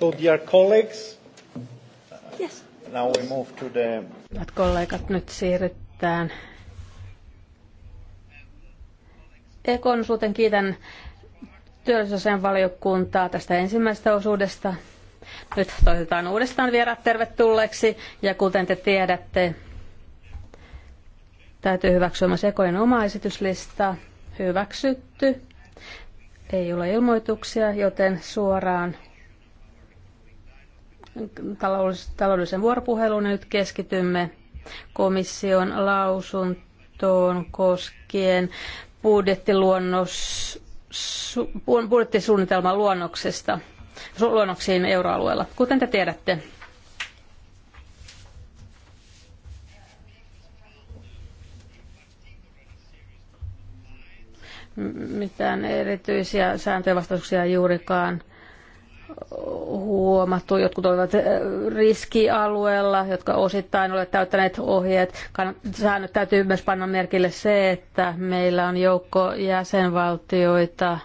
So, dear colleagues, yes. now we move to the... Hyvät kollegat, nyt siirrytään Ekon suuten kiitän työllisyysasian valiokuntaa tästä ensimmäisestä osuudesta. Nyt toivotetaan uudestaan vieraat tervetulleeksi ja kuten te tiedätte, täytyy hyväksyä myös Ekojen oma esityslista. Hyväksytty. Ei ole ilmoituksia, joten suoraan taloudellisen vuoropuheluun. Nyt keskitymme komission lausuntoon koskien budjettisuunnitelman luonnoksesta, luonnoksiin euroalueella. Kuten te tiedätte, mitään erityisiä vastauksia juurikaan huomattu. Jotkut olivat eh, riskialueella, jotka osittain olivat täyttäneet ohjeet. nyt täytyy myös panna merkille se, että meillä on joukko jäsenvaltioita,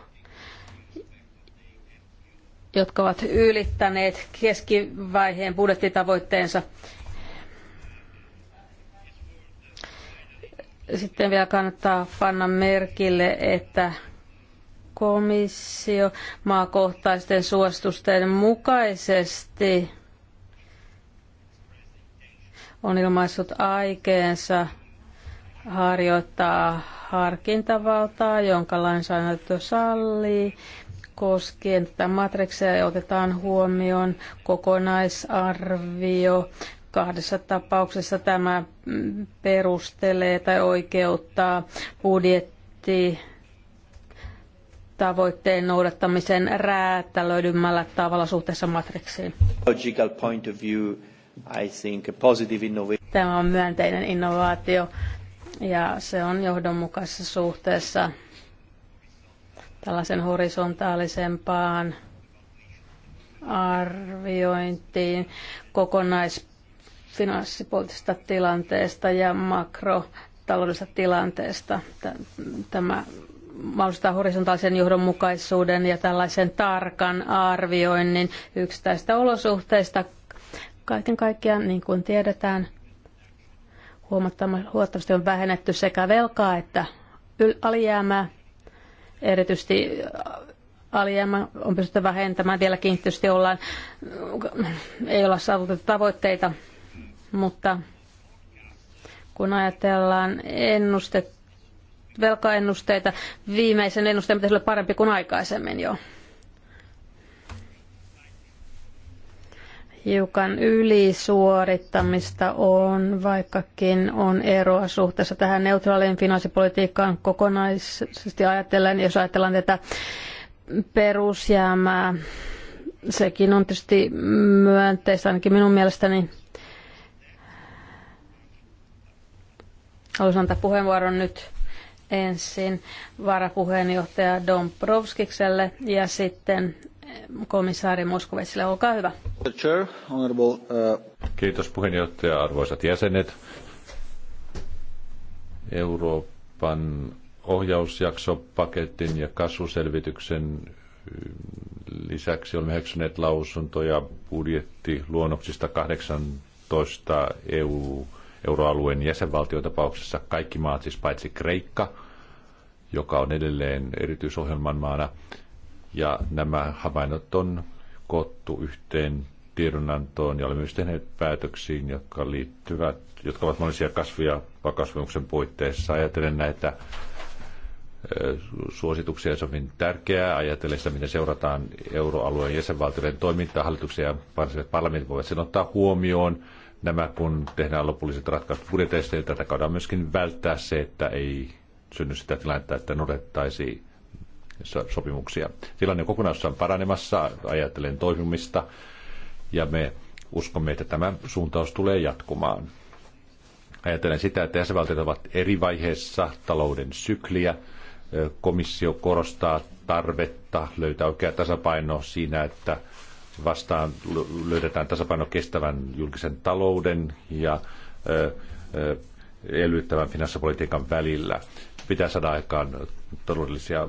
jotka ovat ylittäneet keskivaiheen budjettitavoitteensa. Sitten vielä kannattaa panna merkille, että komissio maakohtaisten suositusten mukaisesti on ilmaissut aikeensa harjoittaa harkintavaltaa, jonka lainsäädäntö sallii koskien tätä ja otetaan huomioon kokonaisarvio. Kahdessa tapauksessa tämä perustelee tai oikeuttaa budjetti tavoitteen noudattamisen räätälöidymmällä tavalla suhteessa matriksiin. Tämä on myönteinen innovaatio ja se on johdonmukaisessa suhteessa tällaisen horisontaalisempaan arviointiin kokonaisfinanssipoliittisesta tilanteesta ja makrotaloudellisesta tilanteesta. Tämä mahdollistaa horisontaalisen johdonmukaisuuden ja tällaisen tarkan arvioinnin yksittäistä olosuhteista. Kaiken kaikkiaan, niin kuin tiedetään, huomattavasti on vähennetty sekä velkaa että alijäämää. Erityisesti alijäämä on pystytty vähentämään. Vielä tietysti ollaan, ei olla saavutettu tavoitteita, mutta kun ajatellaan ennustettu velkaennusteita. Viimeisen ennusteen pitäisi olla parempi kuin aikaisemmin jo. hiukan ylisuorittamista on, vaikkakin on eroa suhteessa tähän neutraaliin finanssipolitiikkaan kokonaisesti ajatellen, jos ajatellaan tätä perusjäämää. Sekin on tietysti myönteistä ainakin minun mielestäni. Haluaisin antaa puheenvuoron nyt ensin varapuheenjohtaja Dombrovskikselle ja sitten komissaari Moskovetsille. Olkaa hyvä. Uh, Kiitos puheenjohtaja, arvoisat jäsenet. Euroopan ohjausjaksopaketin ja kasvuselvityksen lisäksi olemme hyväksyneet lausuntoja budjettiluonnoksista 18 EU, euroalueen jäsenvaltiotapauksessa. Kaikki maat, siis paitsi Kreikka, joka on edelleen erityisohjelman maana. Ja nämä havainnot on koottu yhteen tiedonantoon ja olemme myös tehneet päätöksiin, jotka liittyvät, jotka ovat monisia kasvia vakasvimuksen puitteissa. Ajatellen näitä suosituksia. Se on hyvin tärkeää ajatellen sitä, miten seurataan euroalueen jäsenvaltioiden toimintaa. Hallituksia ja parlamentit voivat sen ottaa huomioon. Nämä, kun tehdään lopulliset ratkaisut budjeteista, niin tätä kautta myöskin välttää se, että ei synny sitä tilannetta, että noudattaisiin sopimuksia. Tilanne kokonaisuudessaan on paranemassa, ajattelen toimimista, ja me uskomme, että tämä suuntaus tulee jatkumaan. Ajattelen sitä, että jäsenvaltiot ovat eri vaiheessa talouden sykliä. Komissio korostaa tarvetta löytää oikea tasapaino siinä, että vastaan löydetään tasapaino kestävän julkisen talouden ja elvyttävän finanssipolitiikan välillä pitää saada aikaan todellisia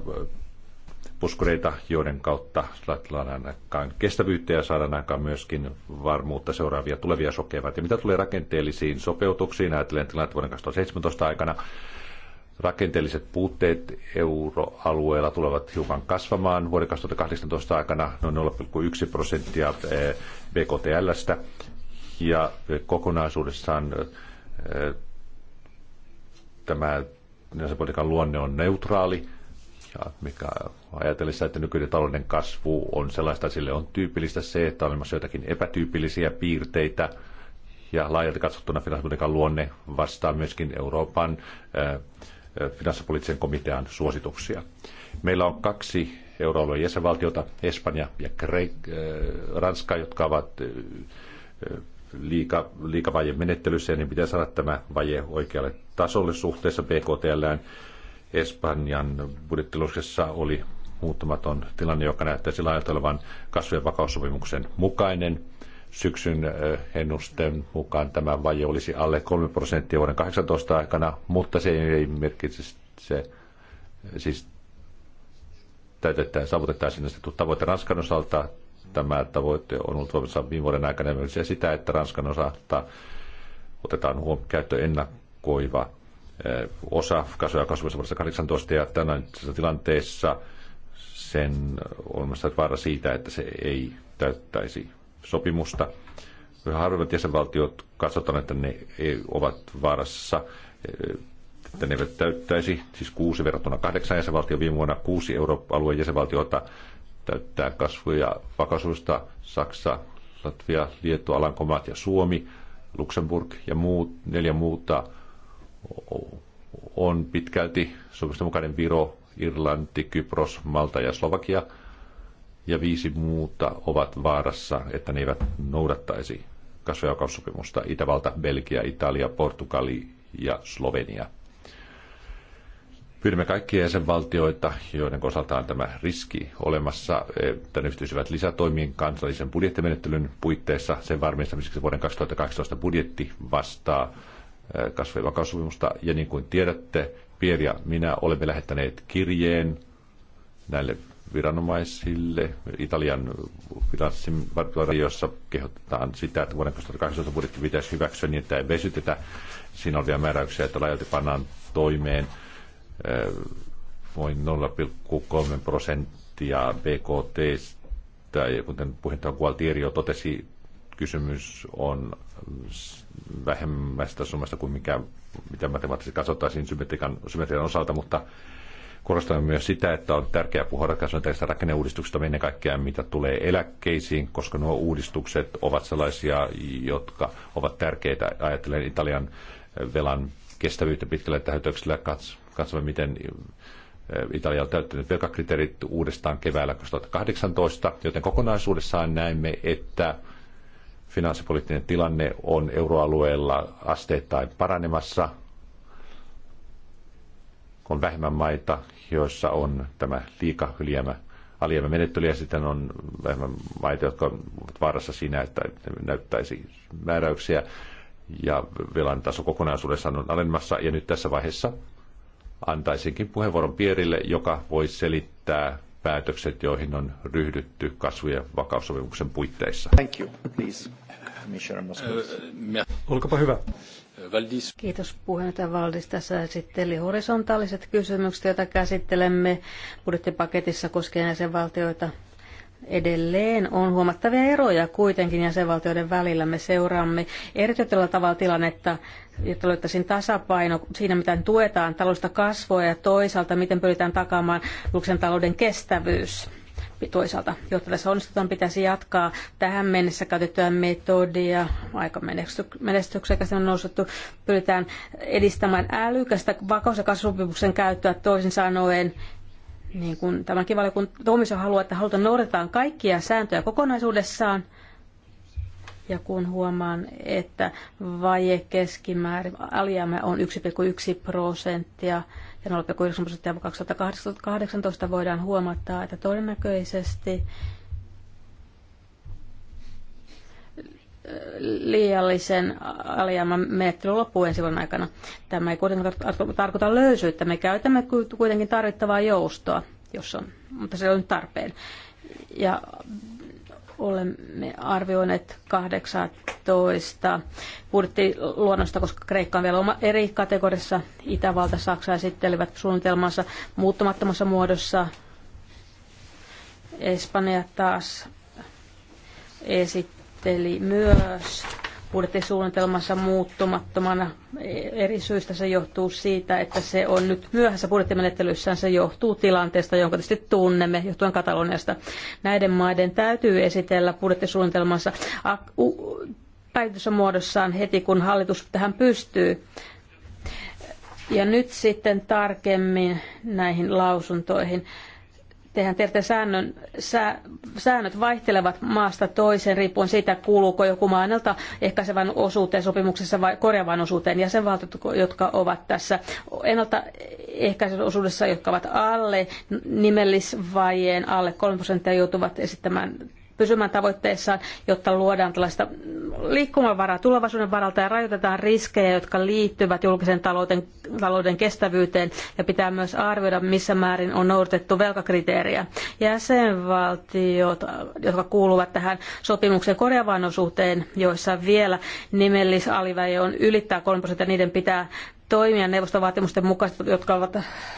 puskureita, joiden kautta saadaan aikaan kestävyyttä ja saadaan aikaan myöskin varmuutta seuraavia tulevia sokevat. Ja mitä tulee rakenteellisiin sopeutuksiin, ajatellen tilannetta vuoden 2017 aikana, rakenteelliset puutteet euroalueella tulevat hiukan kasvamaan vuoden 2018 aikana noin 0,1 prosenttia BKTLstä ja kokonaisuudessaan tämä finanssipolitiikan luonne on neutraali, ja mikä ajatellessa, että nykyinen talouden kasvu on sellaista, sille on tyypillistä se, että on olemassa jotakin epätyypillisiä piirteitä, ja laajalti katsottuna finanssipolitiikan luonne vastaa myöskin Euroopan eh, eh, finanssipoliittisen komitean suosituksia. Meillä on kaksi euroalueen jäsenvaltiota, Espanja ja Kreik, eh, Ranska, jotka ovat liika, liikavajen menettelyssä, niin pitää saada tämä vaje oikealle tasolle suhteessa BKTL. Espanjan budjettiluksessa oli muuttumaton tilanne, joka näyttäisi laajalta olevan kasvu- ja vakaussopimuksen mukainen. Syksyn ennusten mukaan tämä vaje olisi alle 3 prosenttia vuoden 2018 aikana, mutta se ei merkitse se, siis täytetään, saavutetaan sinne tavoite Ranskan osalta tämä tavoite on ollut voimassa viime vuoden aikana myös sitä, että Ranskan osalta otetaan huomioon käyttö ennakoiva eh, osa kasvaa kasvussa vuodesta 18 ja tässä tilanteessa sen on myös vaara siitä, että se ei täyttäisi sopimusta. Yhä harvemmat jäsenvaltiot katsotaan, että ne e, ovat vaarassa eh, että ne eivät täyttäisi, siis kuusi verrattuna kahdeksan jäsenvaltiota viime vuonna, kuusi euroalueen jäsenvaltiota täyttää kasvu- ja vakasuista Saksa, Latvia, Liettua, Alankomaat ja Suomi, Luxemburg ja muut, neljä muuta on pitkälti sopimusten mukainen Viro, Irlanti, Kypros, Malta ja Slovakia, ja viisi muuta ovat vaarassa, että ne eivät noudattaisi kasvu- ja Itävalta, Belgia, Italia, Portugali ja Slovenia. Pyydämme kaikkia jäsenvaltioita, joiden osalta on tämä riski olemassa, että ne yhtyisivät lisätoimiin kansallisen budjettimenettelyn puitteissa sen varmistamiseksi vuoden 2012 budjetti vastaa eh, kasvu- ja vakaussopimusta. Ja niin kuin tiedätte, Pierre ja minä olemme lähettäneet kirjeen näille viranomaisille. Italian finanssivartioissa kehotetaan sitä, että vuoden 2018 budjetti pitäisi hyväksyä niin, että ei vesytetä. Siinä on vielä määräyksiä, että laajalti pannaan toimeen noin 0,3 prosenttia BKT. Kuten puheenjohtaja Gualtieri jo totesi, kysymys on vähemmästä summasta kuin mikä, mitä matemaattisesti katsottaisiin symmetrian, symmetrian osalta, mutta korostamme myös sitä, että on tärkeää puhua tästä rakenneuudistuksesta ennen kaikkea, mitä tulee eläkkeisiin, koska nuo uudistukset ovat sellaisia, jotka ovat tärkeitä. Ajattelen Italian velan kestävyyttä pitkällä tähtäyksellä katsomme, miten eh, Italia on täyttänyt velkakriteerit uudestaan keväällä 2018, joten kokonaisuudessaan näemme, että finanssipoliittinen tilanne on euroalueella asteittain paranemassa. On vähemmän maita, joissa on tämä liika ylijäämä menettely, ja sitten on vähemmän maita, jotka ovat vaarassa siinä, että näyttäisi määräyksiä ja velan taso kokonaisuudessaan on alemmassa ja nyt tässä vaiheessa antaisinkin puheenvuoron Pierille, joka voi selittää päätökset, joihin on ryhdytty kasvu- ja vakaussopimuksen puitteissa. Thank you. Please. Olkapa hyvä. Valdis. Kiitos puheenjohtaja Valdis. Tässä esitteli horisontaaliset kysymykset, joita käsittelemme budjettipaketissa koskien jäsenvaltioita Edelleen on huomattavia eroja kuitenkin jäsenvaltioiden välillä. Me seuraamme erityisellä tavalla tilannetta, jotta löytäisiin tasapaino siinä, miten tuetaan taloudellista kasvua ja toisaalta miten pyritään takaamaan julkisen talouden kestävyys toisaalta, jotta tässä onnistutaan, pitäisi jatkaa tähän mennessä käytettyä metodia, aika menestyksekästä on nostettu, pyritään edistämään älykästä vakaus- ja kasvupimuksen käyttöä toisin sanoen niin kuin tämäkin valiokunta komissio haluaa, että halutaan noudatetaan kaikkia sääntöjä kokonaisuudessaan. Ja kun huomaan, että vaje keskimäärin alijäämä on 1,1 prosenttia ja 0,9 prosenttia 2018 voidaan huomata, että todennäköisesti liiallisen alijäämän menettelyn loppuun ensi vuoden aikana. Tämä ei kuitenkaan tarkoita löysyyttä. Me käytämme kuitenkin tarvittavaa joustoa, jos on, mutta se on nyt tarpeen. Ja olemme arvioineet 18 budjettiluonnosta, koska Kreikka on vielä oma eri kategoriassa. Itävalta, Saksa esittelivät suunnitelmansa muuttumattomassa muodossa. Espanja taas esittää esitteli myös budjettisuunnitelmansa muuttumattomana. Eri syistä se johtuu siitä, että se on nyt myöhässä budjettimenettelyssään. Se johtuu tilanteesta, jonka tietysti tunnemme, johtuen Kataloniasta. Näiden maiden täytyy esitellä budjettisuunnitelmansa päivityssä muodossaan heti, kun hallitus tähän pystyy. Ja nyt sitten tarkemmin näihin lausuntoihin. Tehän tiedätte, säännön, sää, säännöt vaihtelevat maasta toiseen riippuen siitä, kuuluuko joku maa ennalta ehkäisevän osuuteen sopimuksessa vai korjaavan osuuteen. Jäsenvaltiot, jotka ovat tässä ennalta ehkäisevän osuudessa, jotka ovat alle nimellisvajeen alle 3 prosenttia, joutuvat esittämään pysymään tavoitteissaan, jotta luodaan tällaista liikkumavaraa tulevaisuuden varalta ja rajoitetaan riskejä, jotka liittyvät julkisen talouden, talouden kestävyyteen ja pitää myös arvioida, missä määrin on noudatettu velkakriteeriä. Jäsenvaltiot, jotka kuuluvat tähän sopimuksen korjaavaan osuuteen, joissa vielä nimellisaliväje on ylittää 3 prosenttia, niiden pitää toimia neuvoston vaatimusten mukaisesti, jotka ovat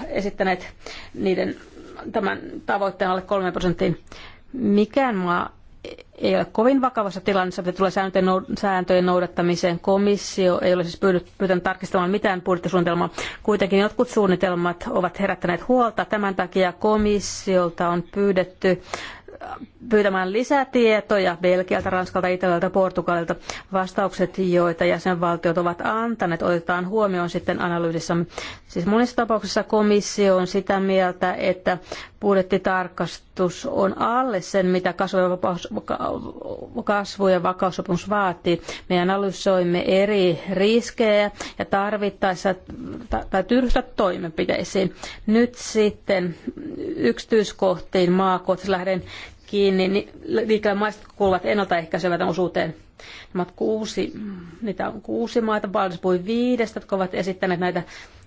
esittäneet niiden tämän tavoitteen alle 3 prosenttiin Mikään maa ei ole kovin vakavassa tilanteessa, mitä tulee sääntöjen noudattamiseen. Komissio ei ole siis pyytänyt tarkistamaan mitään budjettisuunnitelmaa. Kuitenkin jotkut suunnitelmat ovat herättäneet huolta. Tämän takia komissiolta on pyydetty äh, pyytämään lisätietoja Belgialta, Ranskalta, Italialta, Portugalilta. Vastaukset, joita jäsenvaltiot ovat antaneet, otetaan huomioon sitten analyysissamme. Siis monissa tapauksissa komissio on sitä mieltä, että budjettitarkastus on alle sen, mitä kasvu- ja, vapaus, kasvu- ja vakaussopimus vaatii. Me analysoimme eri riskejä ja tarvittaessa täytyy ryhtyä toimenpiteisiin. Nyt sitten yksityiskohtiin maakohtaisesti lähden kiinni, niin liikkeelle maista kuuluvat ennaltaehkäisevät osuuteen. Nämä ovat kuusi, niitä on kuusi maata, Baldus puhui viidestä, jotka ovat esittäneet näitä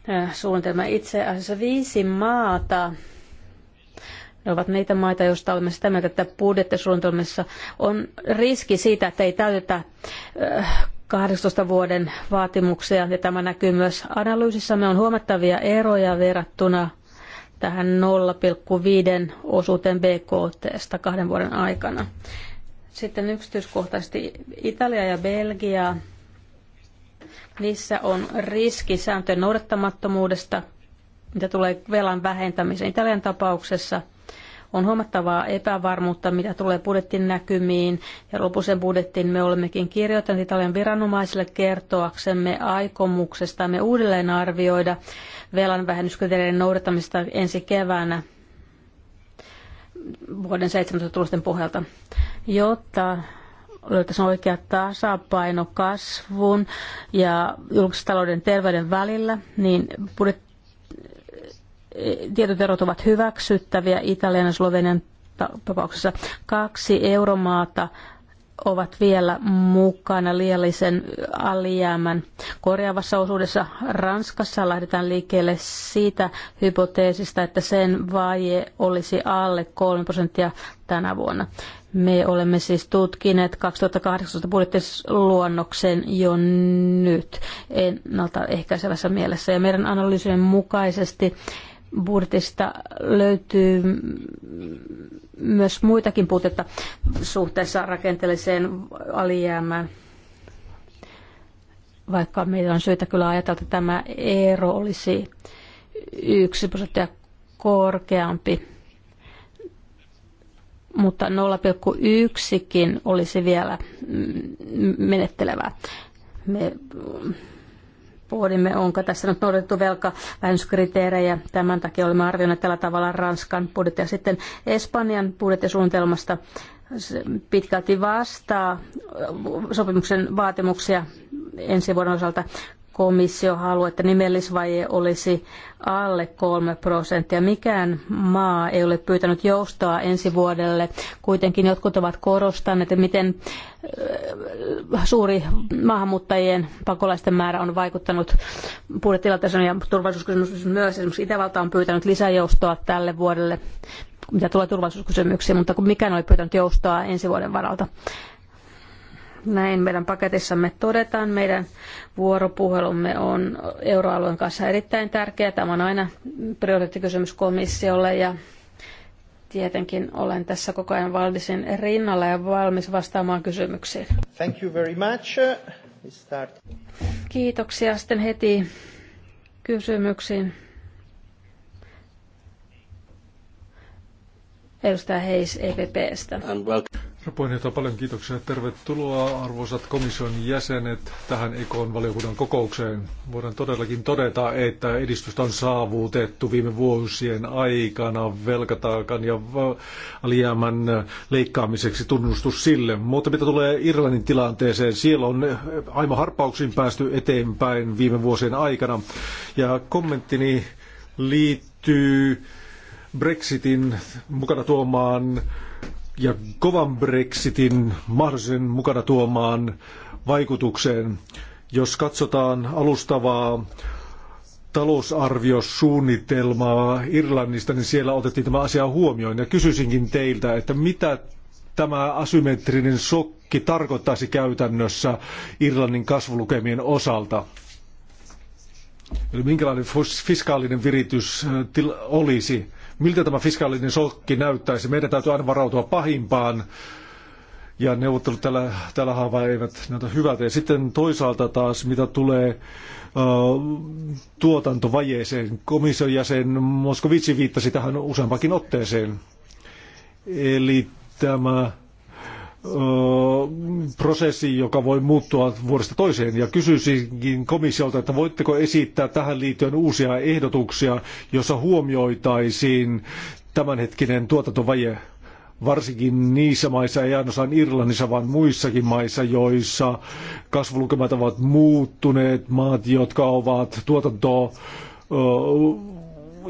äh, suunnitelmia. Itse asiassa viisi maata ne ovat niitä maita, joista olemme sitä mieltä, että budjettisuunnitelmissa on riski siitä, että ei täytetä 18 äh, vuoden vaatimuksia, ja tämä näkyy myös analyysissamme, on huomattavia eroja verrattuna tähän 0,5 osuuteen BKTstä kahden vuoden aikana. Sitten yksityiskohtaisesti Italia ja Belgia. Niissä on riski sääntöjen noudattamattomuudesta, mitä tulee velan vähentämiseen. Italian tapauksessa – on huomattavaa epävarmuutta, mitä tulee budjettin näkymiin, ja lopuisen budjettin me olemmekin kirjoittaneet Italian viranomaisille kertoaksemme aikomuksesta, me uudelleen arvioida velan vähennyskriteerien noudattamista ensi keväänä vuoden 17 tulosten pohjalta, jotta löytäisiin oikea tasapaino kasvun ja talouden terveyden välillä, niin budjetti tietyt erot ovat hyväksyttäviä Italian ja Slovenian tapauksessa. Kaksi euromaata ovat vielä mukana liiallisen alijäämän korjaavassa osuudessa. Ranskassa lähdetään liikkeelle siitä hypoteesista, että sen vaje olisi alle 3 prosenttia tänä vuonna. Me olemme siis tutkineet 2018 budjettiluonnoksen jo nyt ennaltaehkäisevässä mielessä ja meidän analyysimme mukaisesti Burtista löytyy myös muitakin puutetta suhteessa rakenteelliseen alijäämään. Vaikka meillä on syytä kyllä ajatella, että tämä ero olisi yksi prosenttia korkeampi, mutta 0,1kin olisi vielä menettelevää. Me pohdimme, onko tässä nyt noudatettu velkavähennyskriteerejä. Tämän takia olemme arvioineet tällä tavalla Ranskan ja Sitten Espanjan budjettisuunnitelmasta pitkälti vastaa sopimuksen vaatimuksia ensi vuoden osalta komissio haluaa, että nimellisvaje olisi alle kolme prosenttia. Mikään maa ei ole pyytänyt joustoa ensi vuodelle. Kuitenkin jotkut ovat korostaneet, että miten äh, suuri maahanmuuttajien pakolaisten määrä on vaikuttanut budjettilanteeseen ja turvallisuuskysymys myös. Esimerkiksi Itävalta on pyytänyt lisäjoustoa tälle vuodelle mitä tulee turvallisuuskysymyksiin, mutta mikään ei ole pyytänyt joustoa ensi vuoden varalta. Näin meidän paketissamme todetaan. Meidän vuoropuhelumme on euroalueen kanssa erittäin tärkeä. Tämä on aina prioriteettikysymys komissiolle ja tietenkin olen tässä koko ajan Valdisin rinnalla ja valmis vastaamaan kysymyksiin. Thank you very much. We start. Kiitoksia sitten heti kysymyksiin. Edustaja Heis EPPstä. Herra puheenjohtaja, paljon kiitoksia. Tervetuloa arvoisat komission jäsenet tähän EKOn valiokunnan kokoukseen. Voidaan todellakin todeta, että edistystä on saavutettu viime vuosien aikana velkataakan ja alijäämän leikkaamiseksi tunnustus sille. Mutta mitä tulee Irlannin tilanteeseen, siellä on aimo harppauksin päästy eteenpäin viime vuosien aikana. Ja kommenttini liittyy Brexitin mukana tuomaan ja kovan Brexitin mahdollisen mukana tuomaan vaikutukseen. Jos katsotaan alustavaa talousarviosuunnitelmaa Irlannista, niin siellä otettiin tämä asia huomioon. Ja kysyisinkin teiltä, että mitä tämä asymmetrinen sokki tarkoittaisi käytännössä Irlannin kasvulukemien osalta? Eli minkälainen fiskaalinen viritys äh, olisi? miltä tämä fiskaalinen sokki näyttäisi. Meidän täytyy aina varautua pahimpaan ja neuvottelut tällä, tällä haavaa eivät näytä hyvältä. Ja sitten toisaalta taas, mitä tulee uh, tuotantovajeeseen, komission jäsen Moskovitsi viittasi tähän useampakin otteeseen. Eli tämä prosessi, joka voi muuttua vuodesta toiseen. Ja kysyisinkin komissiolta, että voitteko esittää tähän liittyen uusia ehdotuksia, jossa huomioitaisiin tämänhetkinen tuotantovaje, varsinkin niissä maissa, ei ainoastaan Irlannissa, vaan muissakin maissa, joissa kasvulukemat ovat muuttuneet, maat, jotka ovat tuotantoa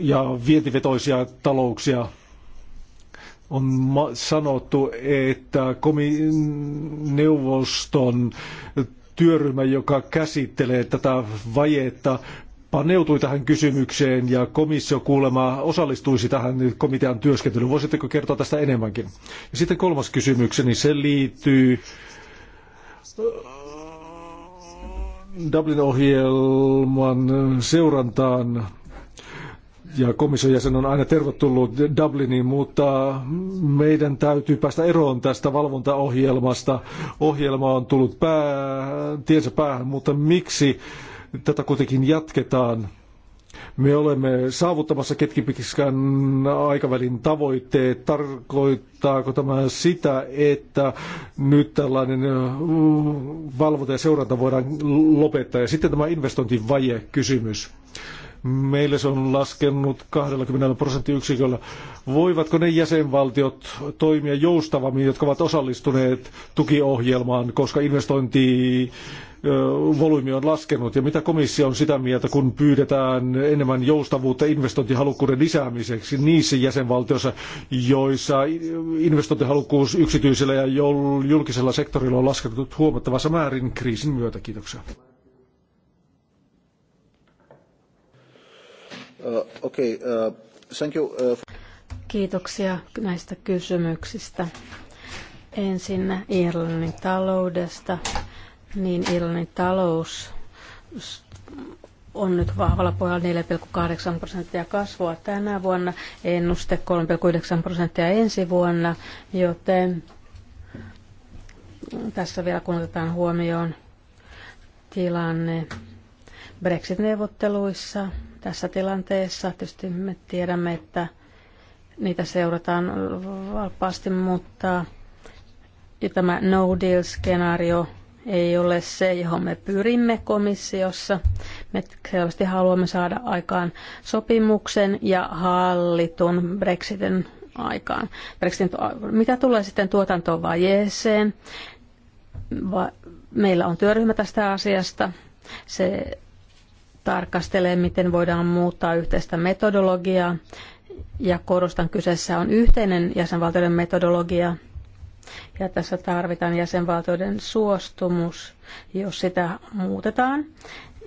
ja vientivetoisia talouksia on sanottu, että komi- neuvoston työryhmä, joka käsittelee tätä vajetta, paneutui tähän kysymykseen ja komissio kuulemma osallistuisi tähän komitean työskentelyyn. Voisitteko kertoa tästä enemmänkin? Ja sitten kolmas kysymykseni, se liittyy äh, Dublin-ohjelman seurantaan ja komission jäsen on aina tervetullut Dubliniin, mutta meidän täytyy päästä eroon tästä valvontaohjelmasta. Ohjelma on tullut pää, tiensä päähän, mutta miksi tätä kuitenkin jatketaan? Me olemme saavuttamassa ketkipikiskän aikavälin tavoitteet. Tarkoittaako tämä sitä, että nyt tällainen valvonta ja seuranta voidaan lopettaa? Ja sitten tämä investointivaje kysymys. Meille se on laskenut 20 prosenttiyksiköllä. Voivatko ne jäsenvaltiot toimia joustavammin, jotka ovat osallistuneet tukiohjelmaan, koska investointi volyymi on laskenut ja mitä komissio on sitä mieltä, kun pyydetään enemmän joustavuutta investointihalukkuuden lisäämiseksi niissä jäsenvaltioissa, joissa investointihalukkuus yksityisellä ja julkisella sektorilla on laskenut huomattavassa määrin kriisin myötä. Kiitoksia. Uh, okay, uh, thank you. Uh, Kiitoksia näistä kysymyksistä. Ensin Irlannin taloudesta. Niin Irlannin talous on nyt vahvalla pohjalla 4,8 prosenttia kasvua tänä vuonna, ennuste 3,9 prosenttia ensi vuonna, joten tässä vielä kun otetaan huomioon tilanne Brexit-neuvotteluissa, tässä tilanteessa. Tietysti me tiedämme, että niitä seurataan valpaasti, mutta ja tämä no deal-skenaario ei ole se, johon me pyrimme komissiossa. Me selvästi haluamme saada aikaan sopimuksen ja hallitun Brexitin aikaan. Brexitin mitä tulee sitten vajeeseen? Va- Meillä on työryhmä tästä asiasta. Se tarkastelee, miten voidaan muuttaa yhteistä metodologiaa. Ja korostan, kyseessä on yhteinen jäsenvaltioiden metodologia. Ja tässä tarvitaan jäsenvaltioiden suostumus, jos sitä muutetaan.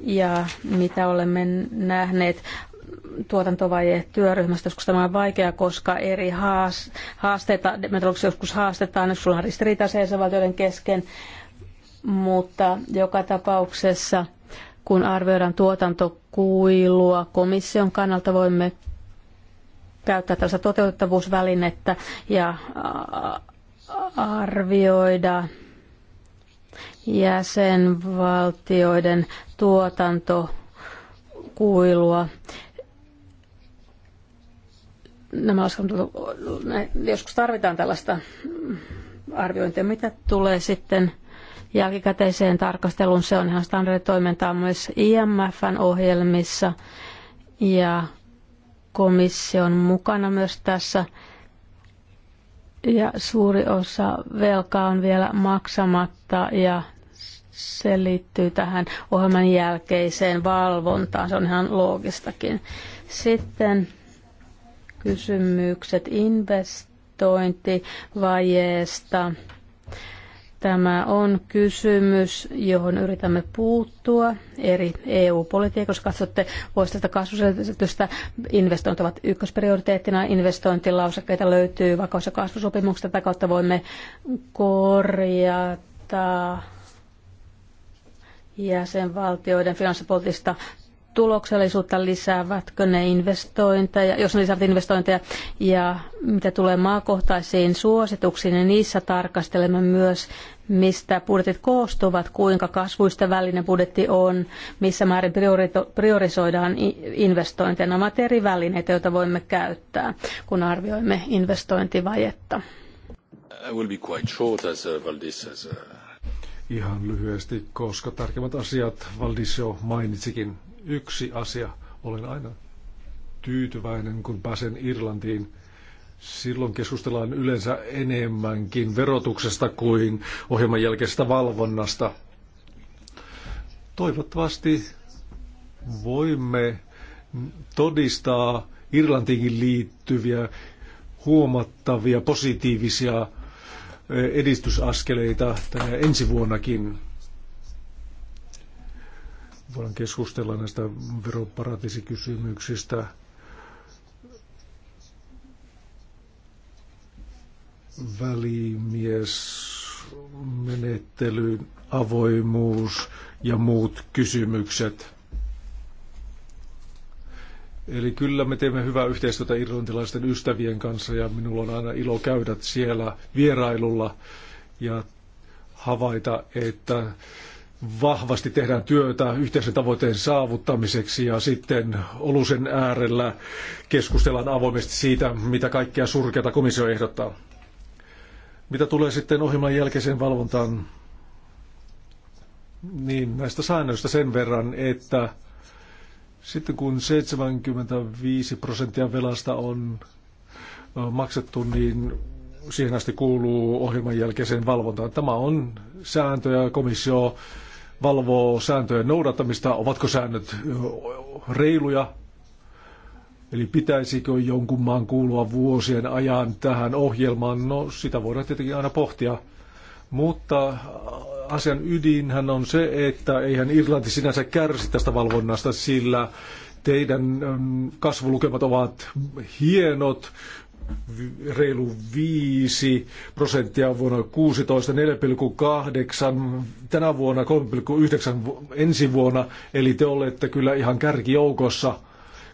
Ja mitä olemme nähneet tuotantovaje-työryhmästä, joskus tämä on vaikea, koska eri haasteita, metodologisesti joskus haastetaan, jos sulla on ristiriitaisia jäsenvaltioiden kesken, mutta joka tapauksessa – kun arvioidaan tuotantokuilua komission kannalta, voimme käyttää tällaista toteutettavuusvälinettä ja äh, arvioida jäsenvaltioiden tuotantokuilua. Nämä joskus tarvitaan tällaista arviointia, mitä tulee sitten jälkikäteiseen tarkasteluun. Se on ihan standarditoimintaa myös IMFn ohjelmissa ja komissio on mukana myös tässä. Ja suuri osa velkaa on vielä maksamatta ja se liittyy tähän ohjelman jälkeiseen valvontaan. Se on ihan loogistakin. Sitten kysymykset investointivajeesta. Tämä on kysymys, johon yritämme puuttua eri EU-politiikossa. Katsotte vuosilta kasvusetystä, investoinnit ovat ykkösprioriteettina, investointilausekkeita löytyy vakaus- ja kasvusopimuksesta. Tätä kautta voimme korjata jäsenvaltioiden finanssipoliittista tuloksellisuutta lisäävätkö ne investointeja, jos ne lisäävät investointeja ja mitä tulee maakohtaisiin suosituksiin, niin niissä tarkastelemme myös, mistä budjetit koostuvat, kuinka kasvuista välinen budjetti on, missä määrin priorisoidaan investointeja. Nämä ovat eri välineitä, joita voimme käyttää, kun arvioimme investointivajetta. Ihan lyhyesti, koska tarkemmat asiat Valdis jo mainitsikin yksi asia. Olen aina tyytyväinen, kun pääsen Irlantiin. Silloin keskustellaan yleensä enemmänkin verotuksesta kuin ohjelman jälkeisestä valvonnasta. Toivottavasti voimme todistaa Irlantiin liittyviä huomattavia positiivisia eh, edistysaskeleita ensi vuonnakin voidaan keskustella näistä veroparatiisikysymyksistä. menettely avoimuus ja muut kysymykset. Eli kyllä me teemme hyvää yhteistyötä irlantilaisten ystävien kanssa ja minulla on aina ilo käydä siellä vierailulla ja havaita, että vahvasti tehdään työtä yhteisen tavoitteen saavuttamiseksi ja sitten olusen äärellä keskustellaan avoimesti siitä, mitä kaikkea surkeata komissio ehdottaa. Mitä tulee sitten ohjelman jälkeiseen valvontaan, niin näistä säännöistä sen verran, että sitten kun 75 prosenttia velasta on maksettu, niin siihen asti kuuluu ohjelman jälkeiseen valvontaan. Tämä on sääntö ja komissio valvoo sääntöjen noudattamista, ovatko säännöt reiluja, eli pitäisikö jonkun maan kuulua vuosien ajan tähän ohjelmaan, no sitä voidaan tietenkin aina pohtia. Mutta asian ydinhän on se, että eihän Irlanti sinänsä kärsi tästä valvonnasta, sillä teidän kasvulukemat ovat hienot, reilu 5 prosenttia vuonna 16, 4,8, tänä vuonna 3,9 ensi vuonna, eli te olette kyllä ihan kärkijoukossa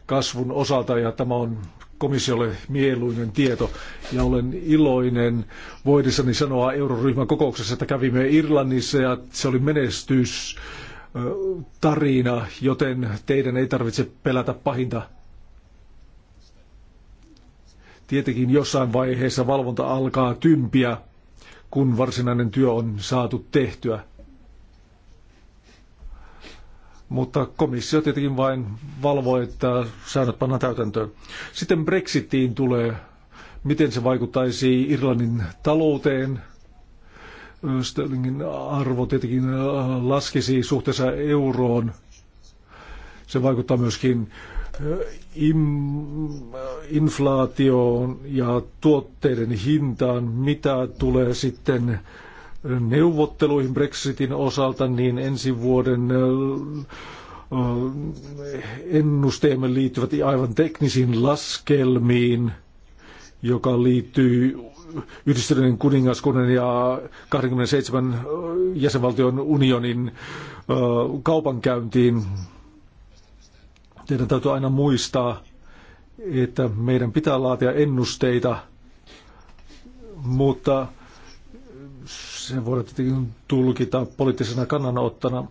kasvun osalta ja tämä on komissiolle mieluinen tieto. Ja olen iloinen voidessani sanoa euroryhmän kokouksessa, että kävimme Irlannissa ja se oli menestys tarina, joten teidän ei tarvitse pelätä pahinta Tietenkin jossain vaiheessa valvonta alkaa tympiä, kun varsinainen työ on saatu tehtyä. Mutta komissio tietenkin vain valvoo, että säännöt pannaan täytäntöön. Sitten Brexitiin tulee, miten se vaikuttaisi Irlannin talouteen. Sterlingin arvo tietenkin laskisi suhteessa euroon. Se vaikuttaa myöskin inflaatioon ja tuotteiden hintaan, mitä tulee sitten neuvotteluihin Brexitin osalta, niin ensi vuoden ennusteemme liittyvät aivan teknisiin laskelmiin, joka liittyy yhdistyneen kuningaskunnan ja 27 jäsenvaltion unionin kaupankäyntiin Teidän täytyy aina muistaa, että meidän pitää laatia ennusteita, mutta se voidaan tietenkin tulkita poliittisena kannanottana.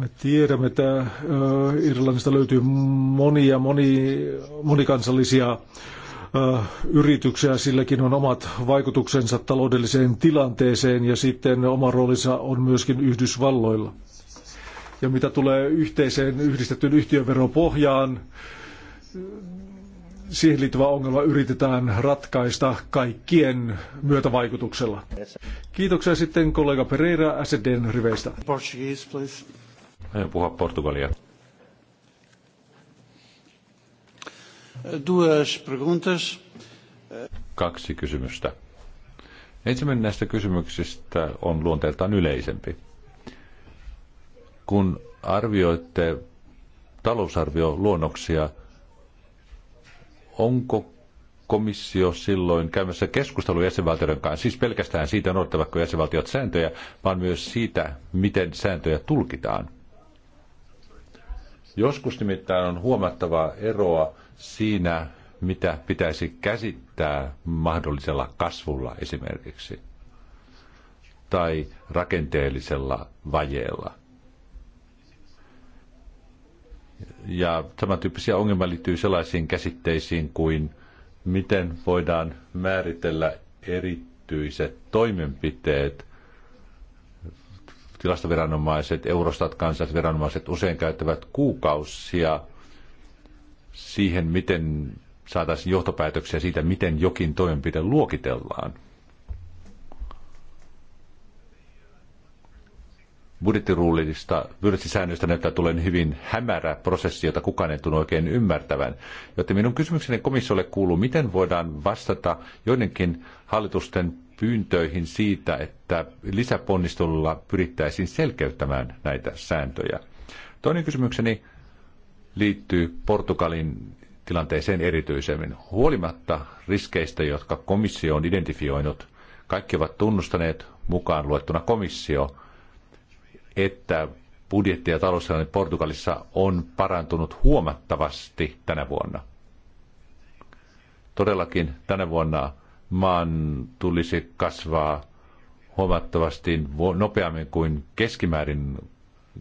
Me tiedämme, että Irlannista löytyy monia moni, monikansallisia yrityksiä, silläkin on omat vaikutuksensa taloudelliseen tilanteeseen ja sitten oma roolinsa on myöskin Yhdysvalloilla. Ja mitä tulee yhteiseen yhdistettyyn yhtiöveropohjaan, siihen liittyvä ongelma yritetään ratkaista kaikkien myötävaikutuksella. Kiitoksia sitten kollega Pereira SDN riveistä. Portuguese, please. Aion puhua portugalia. Duas perguntas. Kaksi kysymystä. Ensimmäinen näistä kysymyksistä on luonteeltaan yleisempi kun arvioitte talousarvioluonnoksia, onko komissio silloin käymässä keskustelua jäsenvaltioiden kanssa, siis pelkästään siitä noudattavatko jäsenvaltiot sääntöjä, vaan myös siitä, miten sääntöjä tulkitaan. Joskus nimittäin on huomattavaa eroa siinä, mitä pitäisi käsittää mahdollisella kasvulla esimerkiksi, tai rakenteellisella vajeella. Ja tämän tyyppisiä ongelmia liittyy sellaisiin käsitteisiin kuin miten voidaan määritellä erityiset toimenpiteet. Tilastoviranomaiset, Eurostat, kansalliset viranomaiset usein käyttävät kuukausia siihen, miten saataisiin johtopäätöksiä siitä, miten jokin toimenpide luokitellaan. budjettiruulista budjettisäännöistä näyttää tulen hyvin hämärä prosessi, jota kukaan ei tunnu oikein ymmärtävän. Joten minun kysymykseni komissiolle kuuluu, miten voidaan vastata joidenkin hallitusten pyyntöihin siitä, että lisäponnistelulla pyrittäisiin selkeyttämään näitä sääntöjä. Toinen kysymykseni liittyy Portugalin tilanteeseen erityisemmin. Huolimatta riskeistä, jotka komissio on identifioinut, kaikki ovat tunnustaneet, mukaan luettuna komissio, että budjetti- ja taloustilanne Portugalissa on parantunut huomattavasti tänä vuonna. Todellakin tänä vuonna maan tulisi kasvaa huomattavasti nopeammin kuin keskimäärin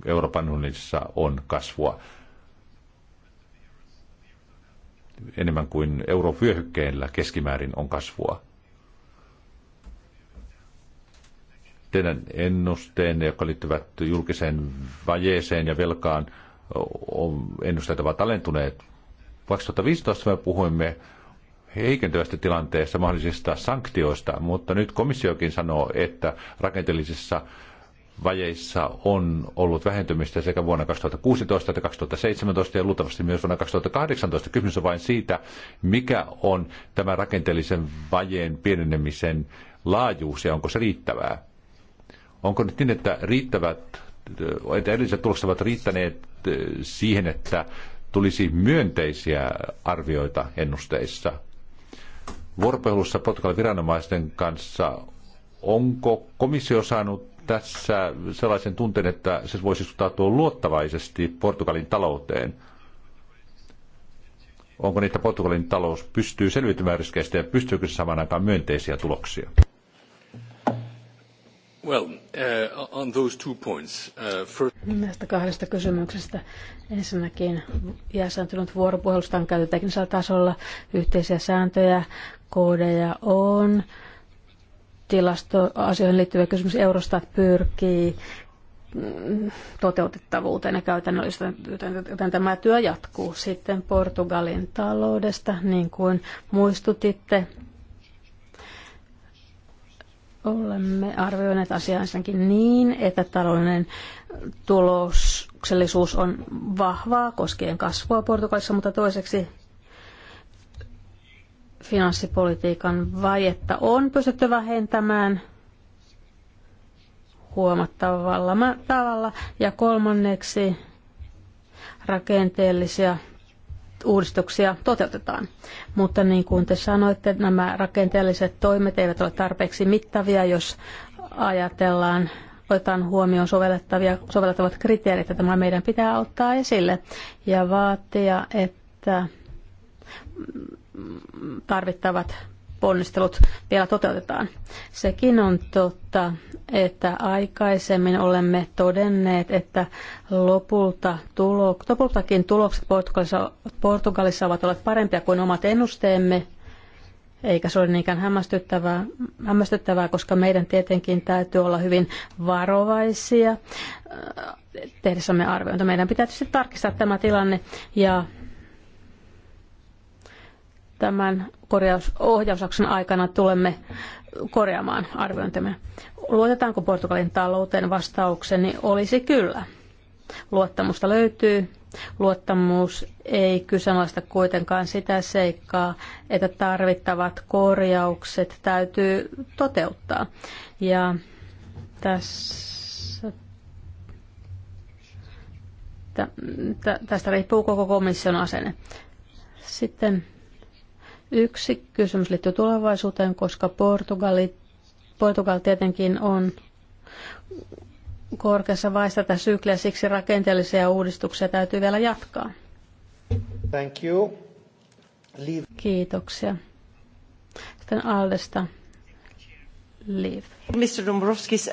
Euroopan unionissa on kasvua. Enemmän kuin eurovyöhykkeellä keskimäärin on kasvua. teidän ennusteenne, jotka liittyvät julkiseen vajeeseen ja velkaan, ennusteet ovat alentuneet. 2015 me puhuimme heikentyvästä tilanteesta mahdollisista sanktioista, mutta nyt komissiokin sanoo, että rakenteellisissa vajeissa on ollut vähentymistä sekä vuonna 2016 että 2017 ja luultavasti myös vuonna 2018. Kysymys on vain siitä, mikä on tämä rakenteellisen vajeen pienenemisen laajuus ja onko se riittävää. Onko nyt niin, että riittävät, että edelliset tulokset ovat riittäneet eh, siihen, että tulisi myönteisiä arvioita ennusteissa? Vuoropuhelussa Portugalin viranomaisten kanssa, onko komissio saanut tässä sellaisen tunteen, että se voisi suhtautua luottavaisesti Portugalin talouteen? Onko niitä Portugalin talous pystyy selviytymään riskeistä ja pystyykö se samaan aikaan myönteisiä tuloksia? Well, uh, on those two points. Uh, first... Näistä kahdesta kysymyksestä. Ensinnäkin jäsentynyt vuoropuhelusta on käyty teknisellä tasolla. Yhteisiä sääntöjä, koodeja on. Tilastoasioihin liittyvä kysymys Eurostat pyrkii mm, toteutettavuuteen ja käytännöllistä, joten tämä työ jatkuu sitten Portugalin taloudesta, niin kuin muistutitte Olemme arvioineet asiaa ensinnäkin niin, että taloudellinen tuloksellisuus on vahvaa koskien kasvua Portugalissa, mutta toiseksi finanssipolitiikan vajetta on pystytty vähentämään huomattavalla tavalla. Ja kolmanneksi rakenteellisia uudistuksia toteutetaan. Mutta niin kuin te sanoitte, nämä rakenteelliset toimet eivät ole tarpeeksi mittavia, jos ajatellaan, otetaan huomioon sovellettavia, sovellettavat kriteerit, ja tämä meidän pitää ottaa esille ja vaatia, että tarvittavat ponnistelut vielä toteutetaan. Sekin on totta, että aikaisemmin olemme todenneet, että lopulta tulo, lopultakin tulokset Portugalissa, Portugalissa ovat olleet parempia kuin omat ennusteemme, eikä se ole niinkään hämmästyttävää, hämmästyttävää, koska meidän tietenkin täytyy olla hyvin varovaisia äh, tehdessämme arviointa. Meidän pitää tietysti tarkistaa tämä tilanne ja tämän korjausohjausjakson aikana tulemme korjaamaan arviointimme. Luotetaanko Portugalin talouteen vastaukseni olisi kyllä. Luottamusta löytyy. Luottamus ei kyseenalaista kuitenkaan sitä seikkaa, että tarvittavat korjaukset täytyy toteuttaa. Ja tässä tästä riippuu koko komission asenne. Sitten Yksi kysymys liittyy tulevaisuuteen, koska Portugali, Portugal tietenkin on korkeassa vaiheessa tätä sykliä, siksi rakenteellisia uudistuksia täytyy vielä jatkaa. Thank you. Leave. Kiitoksia. Sitten Aldesta. Leave. Mr. Dombrovskis.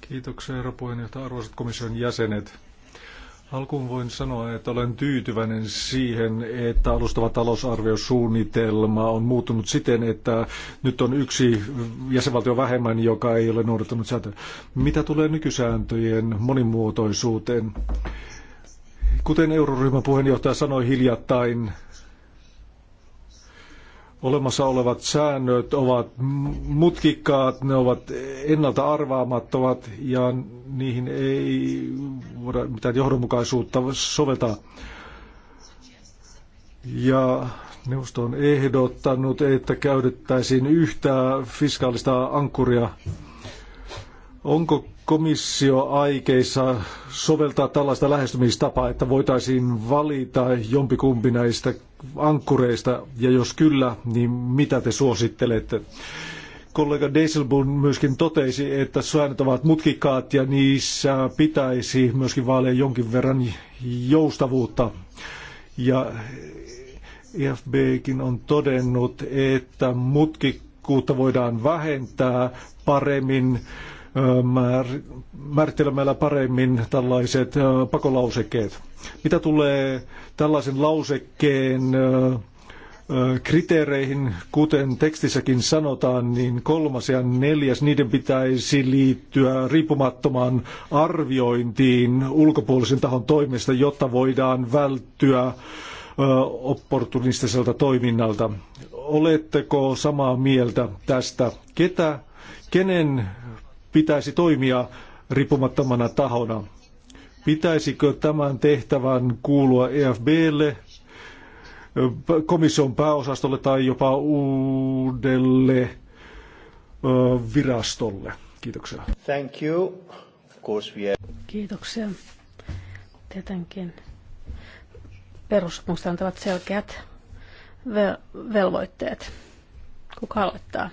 Kiitoksia, herra puheenjohtaja, arvoisat komission jäsenet. Alkuun voin sanoa, että olen tyytyväinen siihen, että alustava talousarviosuunnitelma on muuttunut siten, että nyt on yksi jäsenvaltio vähemmän, joka ei ole noudattanut sääntöjä. Mitä tulee nykysääntöjen monimuotoisuuteen? Kuten euroryhmän puheenjohtaja sanoi hiljattain, Olemassa olevat säännöt ovat mutkikkaat, ne ovat ennalta arvaamattomat ja niihin ei voida mitään johdonmukaisuutta soveta. Ja neuvosto on ehdottanut, että käytettäisiin yhtä fiskaalista ankkuria Onko komissio aikeissa soveltaa tällaista lähestymistapaa, että voitaisiin valita jompikumpi näistä ankkureista, ja jos kyllä, niin mitä te suosittelette? Kollega Dieselbun myöskin totesi, että säännöt ovat mutkikkaat ja niissä pitäisi myöskin vaalia jonkin verran joustavuutta. Ja EFBkin on todennut, että mutkikkuutta voidaan vähentää paremmin määr, määrittelemällä paremmin tällaiset pakolausekkeet. Mitä tulee tällaisen lausekkeen kriteereihin, kuten tekstissäkin sanotaan, niin kolmas ja neljäs, niiden pitäisi liittyä riippumattomaan arviointiin ulkopuolisen tahon toimesta, jotta voidaan välttyä opportunistiselta toiminnalta. Oletteko samaa mieltä tästä? Ketä, kenen pitäisi toimia riippumattomana tahona. Pitäisikö tämän tehtävän kuulua EFBlle, komission pääosastolle tai jopa uudelle virastolle? Kiitoksia. Thank you. are... Kiitoksia. Tietenkin perussopimukset antavat selkeät velvoitteet. Kuka aloittaa?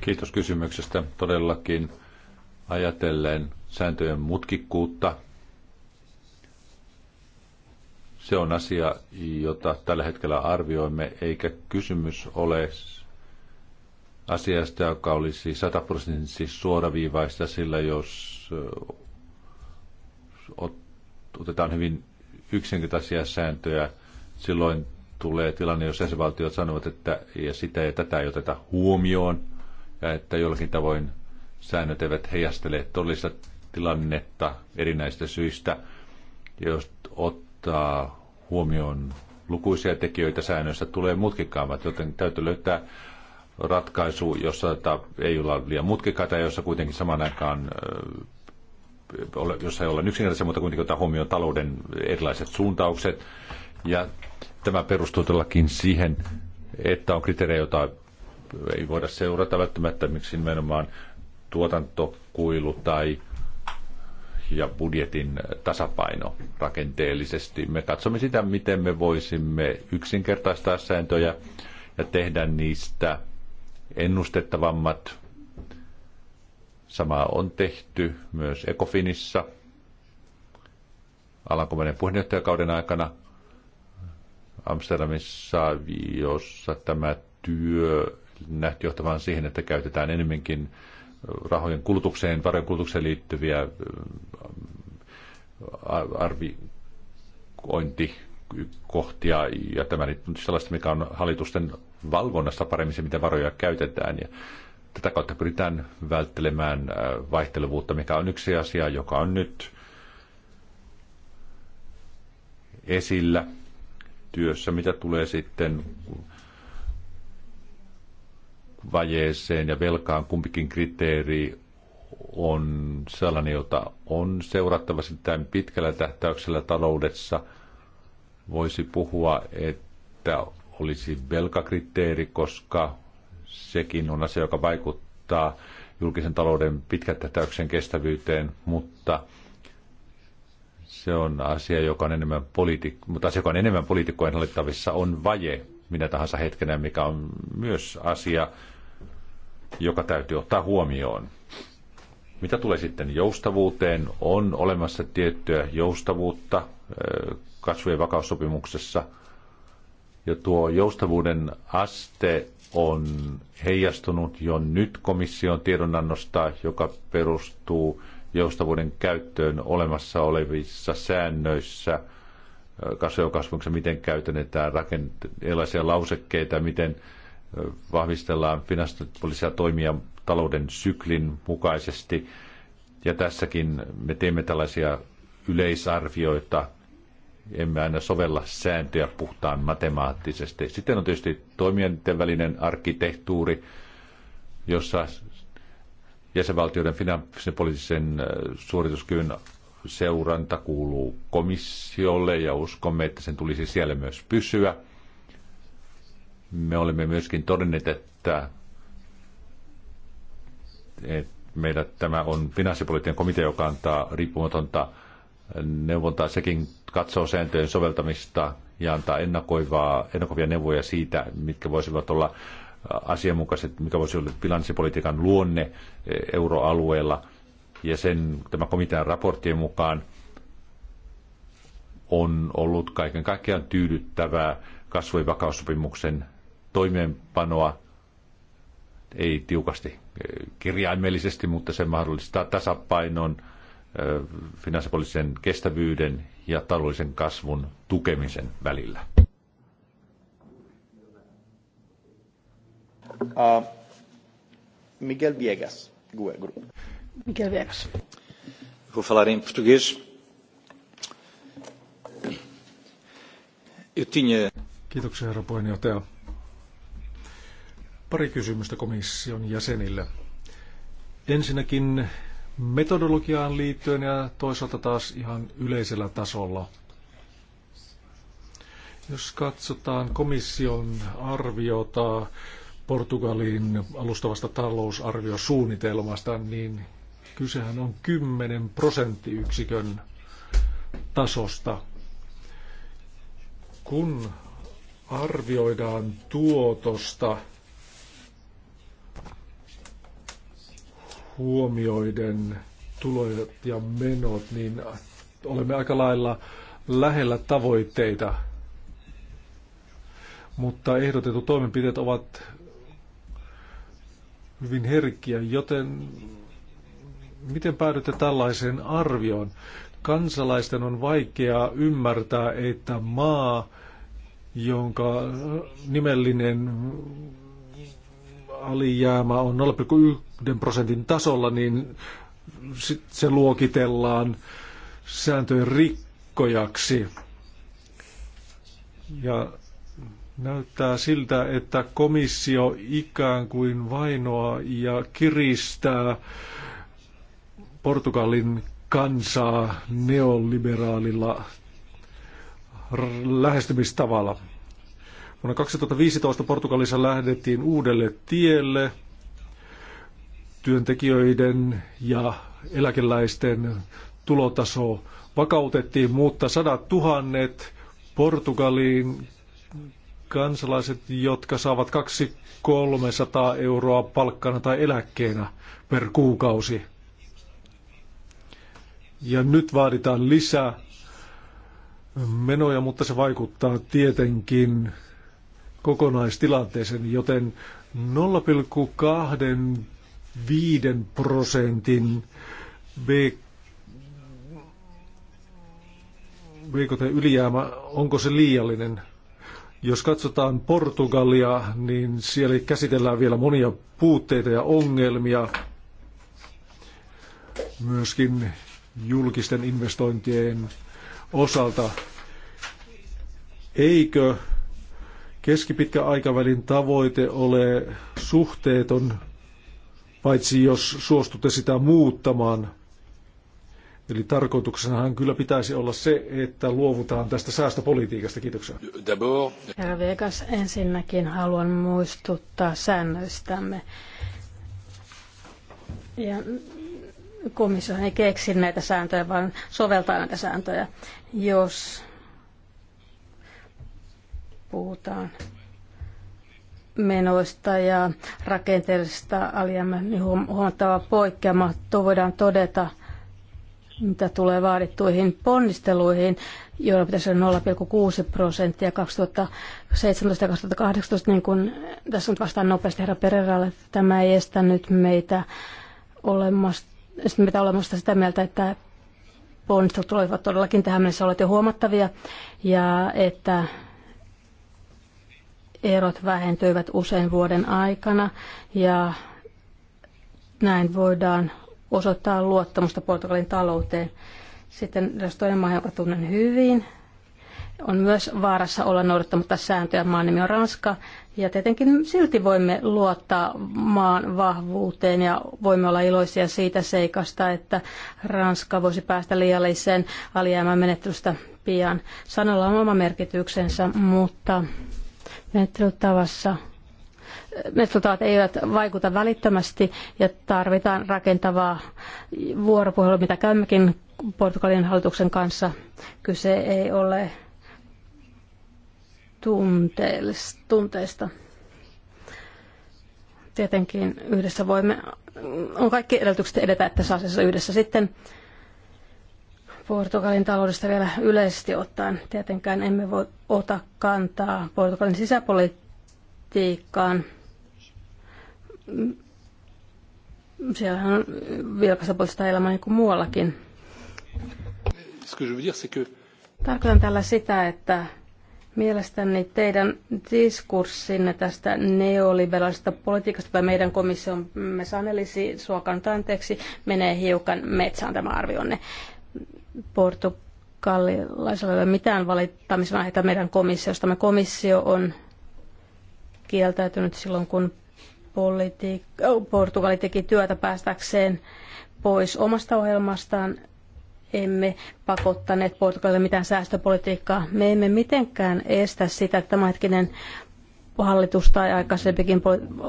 Kiitos kysymyksestä todellakin ajatellen sääntöjen mutkikkuutta. Se on asia, jota tällä hetkellä arvioimme, eikä kysymys ole asiasta, joka olisi sataprosenttisesti suoraviivaista, sillä jos otetaan hyvin yksinkertaisia sääntöjä, silloin tulee tilanne, jos jäsenvaltiot sanovat, että ja sitä ja tätä ei oteta huomioon, ja että jollakin tavoin säännöt eivät heijastele todellista tilannetta erinäistä syistä. Ja jos ottaa huomioon lukuisia tekijöitä säännöissä tulee mutkikkaammat, joten täytyy löytää ratkaisu, jossa ei olla liian mutkikkaita, jossa kuitenkin saman aikaan jossa ei olla yksinkertaisia, mutta kuitenkin ottaa huomioon talouden erilaiset suuntaukset. Ja tämä perustuu todellakin siihen, että on kriteerejä, joita ei voida seurata välttämättä, miksi nimenomaan tuotantokuilu tai ja budjetin tasapaino rakenteellisesti. Me katsomme sitä, miten me voisimme yksinkertaistaa sääntöjä ja tehdä niistä ennustettavammat. Samaa on tehty myös Ecofinissa Alankomainen puheenjohtajakauden aikana Amsterdamissa, jossa tämä työ nähti johtavan siihen, että käytetään enemmänkin rahojen kulutukseen, varojen kulutukseen liittyviä arviointikohtia, ja tämä on sellaista, mikä on hallitusten valvonnassa paremmin se, miten varoja käytetään. Ja tätä kautta pyritään välttelemään vaihteluvuutta, mikä on yksi asia, joka on nyt esillä työssä, mitä tulee sitten vajeeseen ja velkaan kumpikin kriteeri on sellainen, jota on seurattava sitten pitkällä tähtäyksellä taloudessa. Voisi puhua, että olisi velkakriteeri, koska sekin on asia, joka vaikuttaa julkisen talouden pitkän tähtäyksen kestävyyteen, mutta se on asia, joka on enemmän, poliitik- mutta asia, joka on enemmän poliitikkojen hallittavissa, on vaje minä tahansa hetkenä, mikä on myös asia, joka täytyy ottaa huomioon. Mitä tulee sitten joustavuuteen, on olemassa tiettyä joustavuutta kasvujen vakaussopimuksessa. Ja tuo joustavuuden aste on heijastunut jo nyt komission tiedonannosta, joka perustuu joustavuuden käyttöön olemassa olevissa säännöissä kasvukasvuksessa, miten käytetään rakent- erilaisia lausekkeita, miten vahvistellaan finanssipoliittisia toimia talouden syklin mukaisesti. Ja tässäkin me teemme tällaisia yleisarvioita, emme aina sovella sääntöjä puhtaan matemaattisesti. Sitten on tietysti toimijoiden välinen arkkitehtuuri, jossa jäsenvaltioiden finanssipoliittisen äh, suorituskyvyn seuranta kuuluu komissiolle ja uskomme, että sen tulisi siellä myös pysyä – me olemme myöskin todenneet, että, että meillä tämä on finanssipoliittinen komitea, joka antaa riippumatonta neuvontaa. Sekin katsoo sääntöjen soveltamista ja antaa ennakoivaa, ennakoivia neuvoja siitä, mitkä voisivat olla asianmukaiset, mikä voisi olla finanssipolitiikan luonne euroalueella. Ja sen tämä komitean raporttien mukaan on ollut kaiken kaikkiaan tyydyttävää kasvu- ja vakaussopimuksen toimeenpanoa, ei tiukasti eh, kirjaimellisesti, mutta se mahdollistaa tasapainon, eh, finanssipoliittisen kestävyyden ja taloudellisen kasvun tukemisen välillä. Uh, Miguel Viegas, Google Group. Miguel Viegas. Vou falar em português. Eu tinha... Kiitoksia, herra puheenjohtaja. Pari kysymystä komission jäsenille. Ensinnäkin metodologiaan liittyen ja toisaalta taas ihan yleisellä tasolla. Jos katsotaan komission arviota Portugalin alustavasta talousarviosuunnitelmasta, niin kysehän on 10 prosenttiyksikön tasosta. Kun arvioidaan tuotosta huomioiden tulot ja menot, niin olemme aika lailla lähellä tavoitteita. Mutta ehdotetut toimenpiteet ovat hyvin herkkiä, joten miten päädytte tällaiseen arvioon? Kansalaisten on vaikea ymmärtää, että maa, jonka nimellinen alijäämä on 0,1 prosentin tasolla, niin se luokitellaan sääntöjen rikkojaksi. Ja näyttää siltä, että komissio ikään kuin vainoa ja kiristää Portugalin kansaa neoliberaalilla lähestymistavalla. Vuonna 2015 Portugalissa lähdettiin uudelle tielle työntekijöiden ja eläkeläisten tulotaso vakautettiin, mutta sadat tuhannet Portugaliin kansalaiset, jotka saavat 200-300 euroa palkkana tai eläkkeenä per kuukausi. Ja nyt vaaditaan lisää menoja, mutta se vaikuttaa tietenkin kokonaistilanteeseen, joten 0,25 prosentin BKT-ylijäämä, onko se liiallinen? Jos katsotaan Portugalia, niin siellä käsitellään vielä monia puutteita ja ongelmia. Myöskin julkisten investointien osalta. Eikö Keskipitkä aikavälin tavoite ole suhteeton, paitsi jos suostutte sitä muuttamaan. Eli tarkoituksenahan kyllä pitäisi olla se, että luovutaan tästä säästöpolitiikasta. Kiitoksia. Herra Vegas, ensinnäkin haluan muistuttaa säännöistämme. Ja komissio ei keksi näitä sääntöjä, vaan soveltaa näitä sääntöjä. Jos puhutaan menoista ja rakenteellisesta alijäämän niin huomattava poikkeama. Tuo voidaan todeta, mitä tulee vaadittuihin ponnisteluihin, joilla pitäisi olla 0,6 prosenttia 2017 2018, niin kuin tässä on vastaan nopeasti herra Pereralle, että tämä ei estä nyt meitä olemasta, meitä olemasta sitä mieltä, että ponnistelut olivat todellakin tähän mennessä olleet jo huomattavia ja että erot vähentyivät usein vuoden aikana ja näin voidaan osoittaa luottamusta Portugalin talouteen. Sitten jos toinen maa, jonka tunnen hyvin, on myös vaarassa olla noudattamatta sääntöjä. Maan nimi on Ranska. Ja tietenkin silti voimme luottaa maan vahvuuteen ja voimme olla iloisia siitä seikasta, että Ranska voisi päästä liialliseen alijäämän menettelystä pian. Sanolla on oma merkityksensä, mutta menettelytavassa Metrotavat eivät vaikuta välittömästi ja tarvitaan rakentavaa vuoropuhelua, mitä käymmekin Portugalin hallituksen kanssa. Kyse ei ole tunteista. Tietenkin yhdessä voimme, on kaikki edellytykset edetä, että saa yhdessä sitten Portugalin taloudesta vielä yleisesti ottaen. Tietenkään emme voi ota kantaa Portugalin sisäpolitiikkaan. Siellähän on vilkasta poliittista elämää niin kuin muuallakin. Tarkoitan tällä sitä, että mielestäni teidän diskurssinne tästä neoliberaalista politiikasta tai meidän me sanelisi suokan anteeksi menee hiukan metsään tämä arvionne portugalilaisella ei ole mitään valittamisen aiheita meidän komissiostamme. Komissio on kieltäytynyt silloin, kun politiik- oh, Portugali teki työtä päästäkseen pois omasta ohjelmastaan. Emme pakottaneet Portugalille mitään säästöpolitiikkaa. Me emme mitenkään estä sitä, että tämänhetkinen hallitus tai aikaisempikin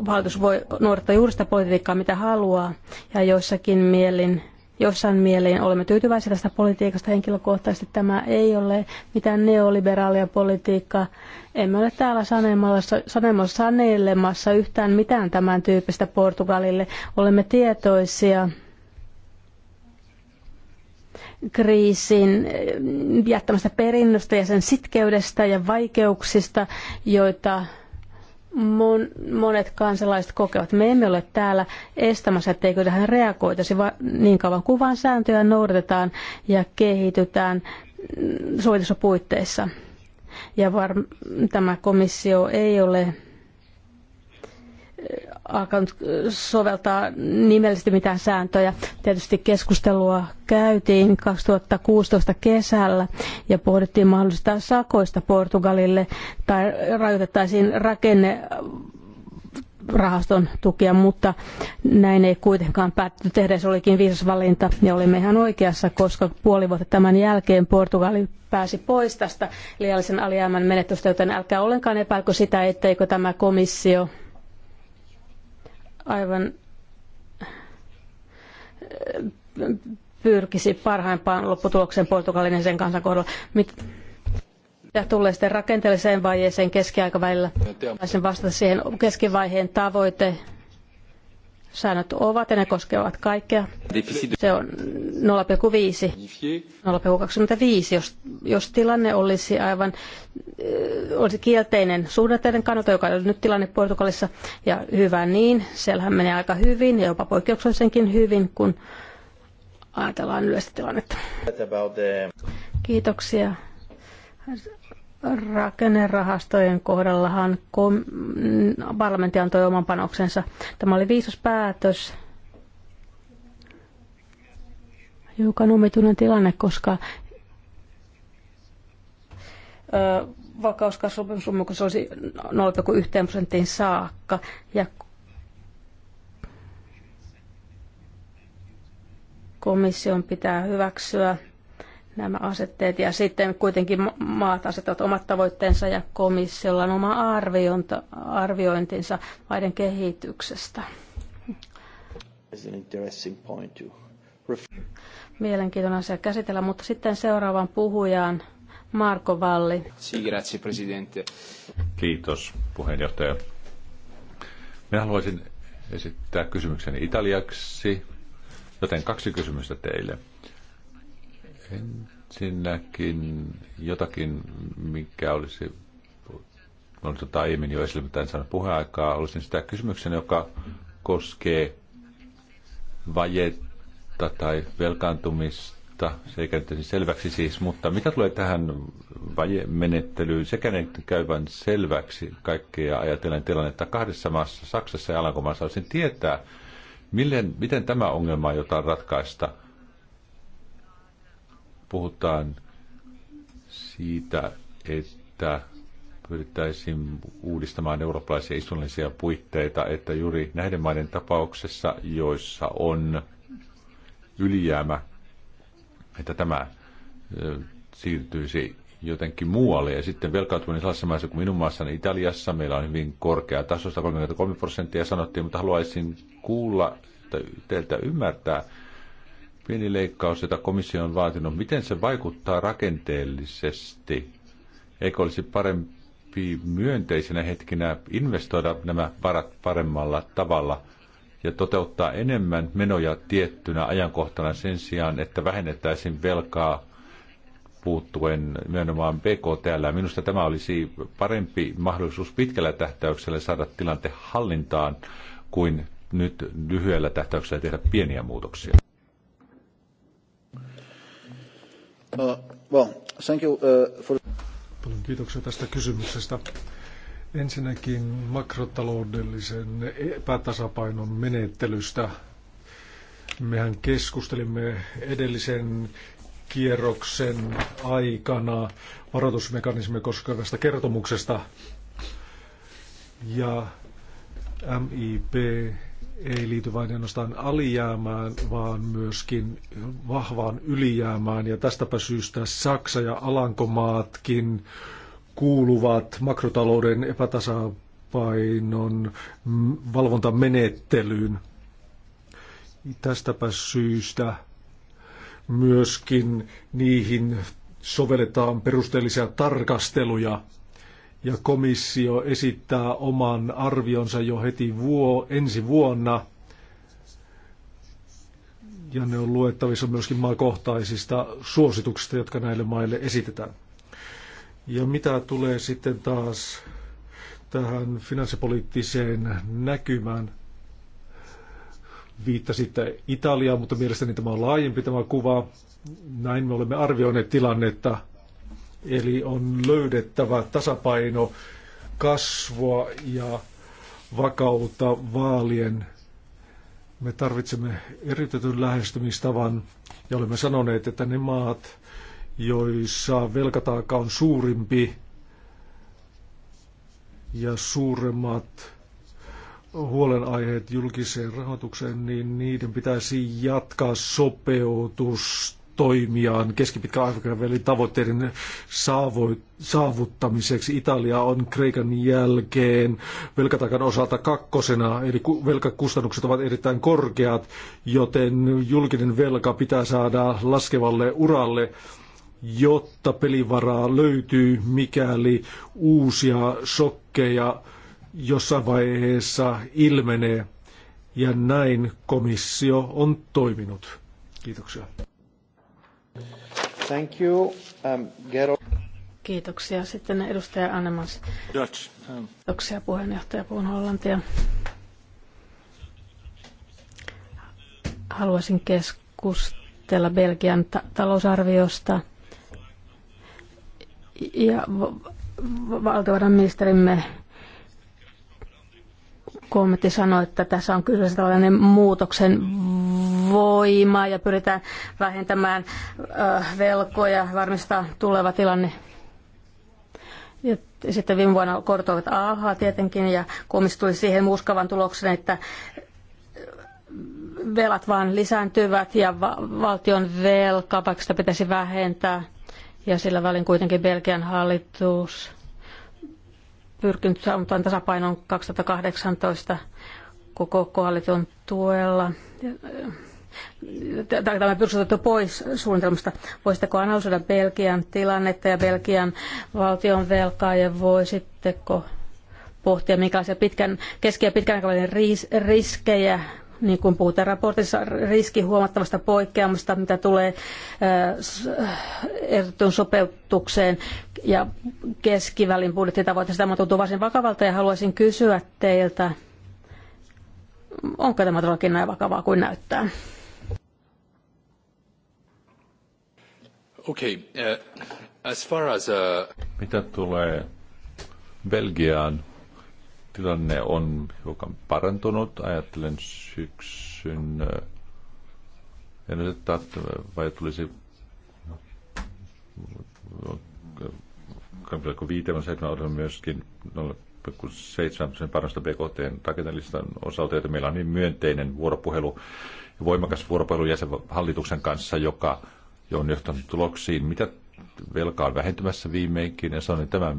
hallitus voi noudattaa juuri sitä politiikkaa, mitä haluaa. Ja joissakin mielin jossain mieleen olemme tyytyväisiä tästä politiikasta. Henkilökohtaisesti tämä ei ole mitään neoliberaalia politiikkaa. Emme ole täällä sanelemassa, sanelemassa yhtään mitään tämän tyyppistä Portugalille. Olemme tietoisia kriisin eh, jättämästä perinnöstä ja sen sitkeydestä ja vaikeuksista, joita monet kansalaiset kokevat. Me emme ole täällä estämässä, etteikö tähän reagoitaisi, vaan niin kauan kuin vain sääntöjä noudatetaan ja kehitytään sovitussa puitteissa. Ja var- tämä komissio ei ole alkanut soveltaa nimellisesti mitään sääntöjä. Tietysti keskustelua käytiin 2016 kesällä ja pohdittiin mahdollisista sakoista Portugalille tai rajoitettaisiin rakenne rahaston tukia, mutta näin ei kuitenkaan päätty tehdä. Se olikin viisas valinta ja olimme ihan oikeassa, koska puoli vuotta tämän jälkeen Portugali pääsi pois tästä liiallisen alijäämän menetystä, joten älkää ollenkaan epäilkö sitä, etteikö tämä komissio aivan äh, pyrkisi parhaimpaan lopputulokseen Portugalin ja sen kansan kohdalla. Mit, ja tulee sitten rakenteelliseen vaiheeseen keskiaikavälillä. Voisin vastata siihen keskivaiheen tavoite säännöt ovat ja ne koskevat kaikkea. Se on 0,5, 0,25, jos, jos tilanne olisi aivan äh, olisi kielteinen suhdanteiden kannalta, joka on nyt tilanne Portugalissa, ja hyvä niin, siellähän menee aika hyvin ja jopa poikkeuksellisenkin hyvin, kun ajatellaan yleistä tilannetta. Kiitoksia. Rakennerahastojen kohdallahan kom- parlamentti antoi oman panoksensa. Tämä oli viisas päätös. Hiukan omituinen tilanne, koska ö, vakauskasvusopimus on, se olisi 0,1 prosenttiin saakka. Ja komission pitää hyväksyä nämä asetteet ja sitten kuitenkin maat asettavat omat tavoitteensa ja komissiolla on oma arviointinsa maiden kehityksestä. Mielenkiintoinen asia käsitellä, mutta sitten seuraavan puhujaan Marko Valli. Kiitos puheenjohtaja. Minä haluaisin esittää kysymyksen italiaksi, joten kaksi kysymystä teille. Ensinnäkin jotakin, mikä olisi olisi ottaa aiemmin jo esille, mutta en saanut puheaikaa, olisin sitä kysymyksen, joka koskee vajetta tai velkaantumista. Se ei käynyt siis selväksi siis, mutta mitä tulee tähän vajemenettelyyn, sekä ei käyvän selväksi kaikkea ajatellen tilannetta kahdessa maassa, Saksassa ja Alankomaassa, olisin tietää, millen, miten tämä ongelma jotain ratkaista – puhutaan siitä, että pyrittäisiin uudistamaan eurooppalaisia istunnollisia puitteita, että juuri näiden maiden tapauksessa, joissa on ylijäämä, että tämä siirtyisi jotenkin muualle. Ja sitten velkautuminen sellaisessa maassa kuin minun maassani Italiassa, meillä on hyvin korkea taso, 133 prosenttia sanottiin, mutta haluaisin kuulla teiltä ymmärtää, pieni leikkaus, jota komissio on vaatinut, miten se vaikuttaa rakenteellisesti? Eikö olisi parempi myönteisenä hetkinä investoida nämä varat paremmalla tavalla ja toteuttaa enemmän menoja tiettynä ajankohtana sen sijaan, että vähennettäisiin velkaa puuttuen nimenomaan BKTL. Minusta tämä olisi parempi mahdollisuus pitkällä tähtäyksellä saada tilanteen hallintaan kuin nyt lyhyellä tähtäyksellä tehdä pieniä muutoksia. Uh, uh, kiitoksia tästä kysymyksestä. Ensinnäkin makrotaloudellisen epätasapainon menettelystä. Mehän keskustelimme edellisen kierroksen aikana varoitusmekanismia koskevasta kertomuksesta ja MIP ei liity vain ainoastaan alijäämään, vaan myöskin vahvaan ylijäämään. Ja tästäpä syystä Saksa ja Alankomaatkin kuuluvat makrotalouden epätasapainon valvontamenettelyyn. Tästäpä syystä myöskin niihin sovelletaan perusteellisia tarkasteluja – ja komissio esittää oman arvionsa jo heti vuo, ensi vuonna. Ja ne on luettavissa myöskin maakohtaisista suosituksista, jotka näille maille esitetään. Ja mitä tulee sitten taas tähän finanssipoliittiseen näkymään, viittasitte Italiaan, mutta mielestäni tämä on laajempi tämä kuva. Näin me olemme arvioineet tilannetta Eli on löydettävä tasapaino kasvua ja vakautta vaalien. Me tarvitsemme eriytetyn lähestymistavan ja olemme sanoneet, että ne maat, joissa velkataakka on suurimpi ja suuremmat huolenaiheet julkiseen rahoitukseen, niin niiden pitäisi jatkaa sopeutusta toimiaan keskipitkän aikavälin tavoitteiden saavuttamiseksi. Italia on Kreikan jälkeen velkatakan osalta kakkosena, eli velkakustannukset ovat erittäin korkeat, joten julkinen velka pitää saada laskevalle uralle jotta pelivaraa löytyy, mikäli uusia shokkeja jossain vaiheessa ilmenee. Ja näin komissio on toiminut. Kiitoksia. Thank you. Um, Gero. Kiitoksia. Sitten edustaja Annemans. Dutch. Kiitoksia puheenjohtaja. Puhun hollantia. Haluaisin keskustella Belgian ta- talousarviosta ja valtiovarainministerimme kommentti sanoi, että tässä on kyseessä tällainen muutoksen voimaa ja pyritään vähentämään velkoja, varmistaa tuleva tilanne. Ja sitten viime vuonna korot olivat alhaa tietenkin ja komissio tuli siihen muuskavan tuloksen, että velat vaan lisääntyvät ja valtion velka, vaikka sitä pitäisi vähentää. Ja sillä välin kuitenkin Belgian hallitus pyrkinyt saamaan tasapainon 2018 koko koalition tuella tämä perusotettu pois suunnitelmasta. Voisitteko analysoida Belgian tilannetta ja Belgian valtion velkaa ja voisitteko pohtia, minkälaisia pitkän, keski- ja pitkän aikavälin ris- riskejä niin kuin puhutaan raportissa, riski huomattavasta poikkeamasta, mitä tulee ehdotettuun sopeutukseen ja keskivälin budjettitavoitteesta. Tämä tuntuu varsin vakavalta ja haluaisin kysyä teiltä, onko tämä todellakin näin vakavaa kuin näyttää? Okay. Uh, as far as, uh... Mitä tulee Belgiaan, tilanne on hiukan parantunut. Ajattelen syksyn, uh, en nyt että vai tulisi no, uh, viiteen myöskin 0,7 parasta BKT rakentelistan osalta, että meillä on niin myönteinen vuoropuhelu ja voimakas vuoropuhelu jäsenhallituksen kanssa, joka jo on johtanut tuloksiin. Mitä velka on vähentymässä viimeinkin, ja sanoin, että tämä,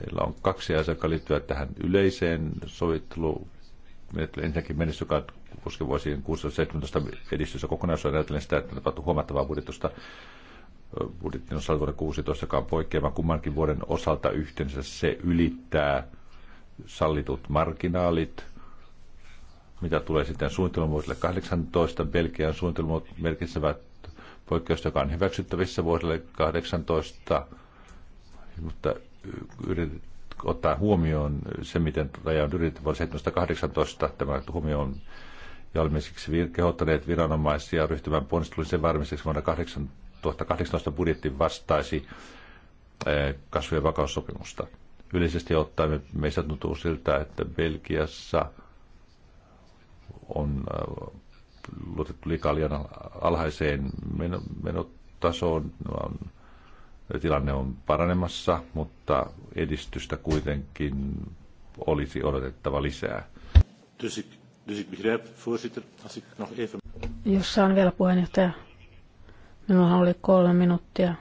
meillä on kaksi asiaa, jotka liittyvät tähän yleiseen sovitteluun. ensinnäkin mennessä, joka koski vuosien 16 edistys ja kokonaisuuden ajatellen sitä, että tapahtunut huomattavaa budjetusta budjettin osalta vuoden 16, joka on poikkeava kummankin vuoden osalta yhteensä, se ylittää sallitut marginaalit, mitä tulee sitten suunnitelmuvuosille 18, Belgian suunnitelmat merkitsevät poikkeus, joka on hyväksyttävissä vuodelle 18, mutta yritet, ottaa huomioon se, miten raja on yritetty vuonna 1718, tämä huomioon ja olemme siksi kehottaneet viranomaisia ryhtymään ponnisteluun sen varmiseksi vuonna 2018 budjetti vastaisi eh, kasvu- ja vakaussopimusta. Yleisesti ottaen meistä tuntuu siltä, että Belgiassa on eh, luotettu liikaa liian alhaiseen menotasoon. No, tilanne on paranemassa, mutta edistystä kuitenkin olisi odotettava lisää. Jos saan vielä puheenjohtaja. Minulla oli kolme minuuttia.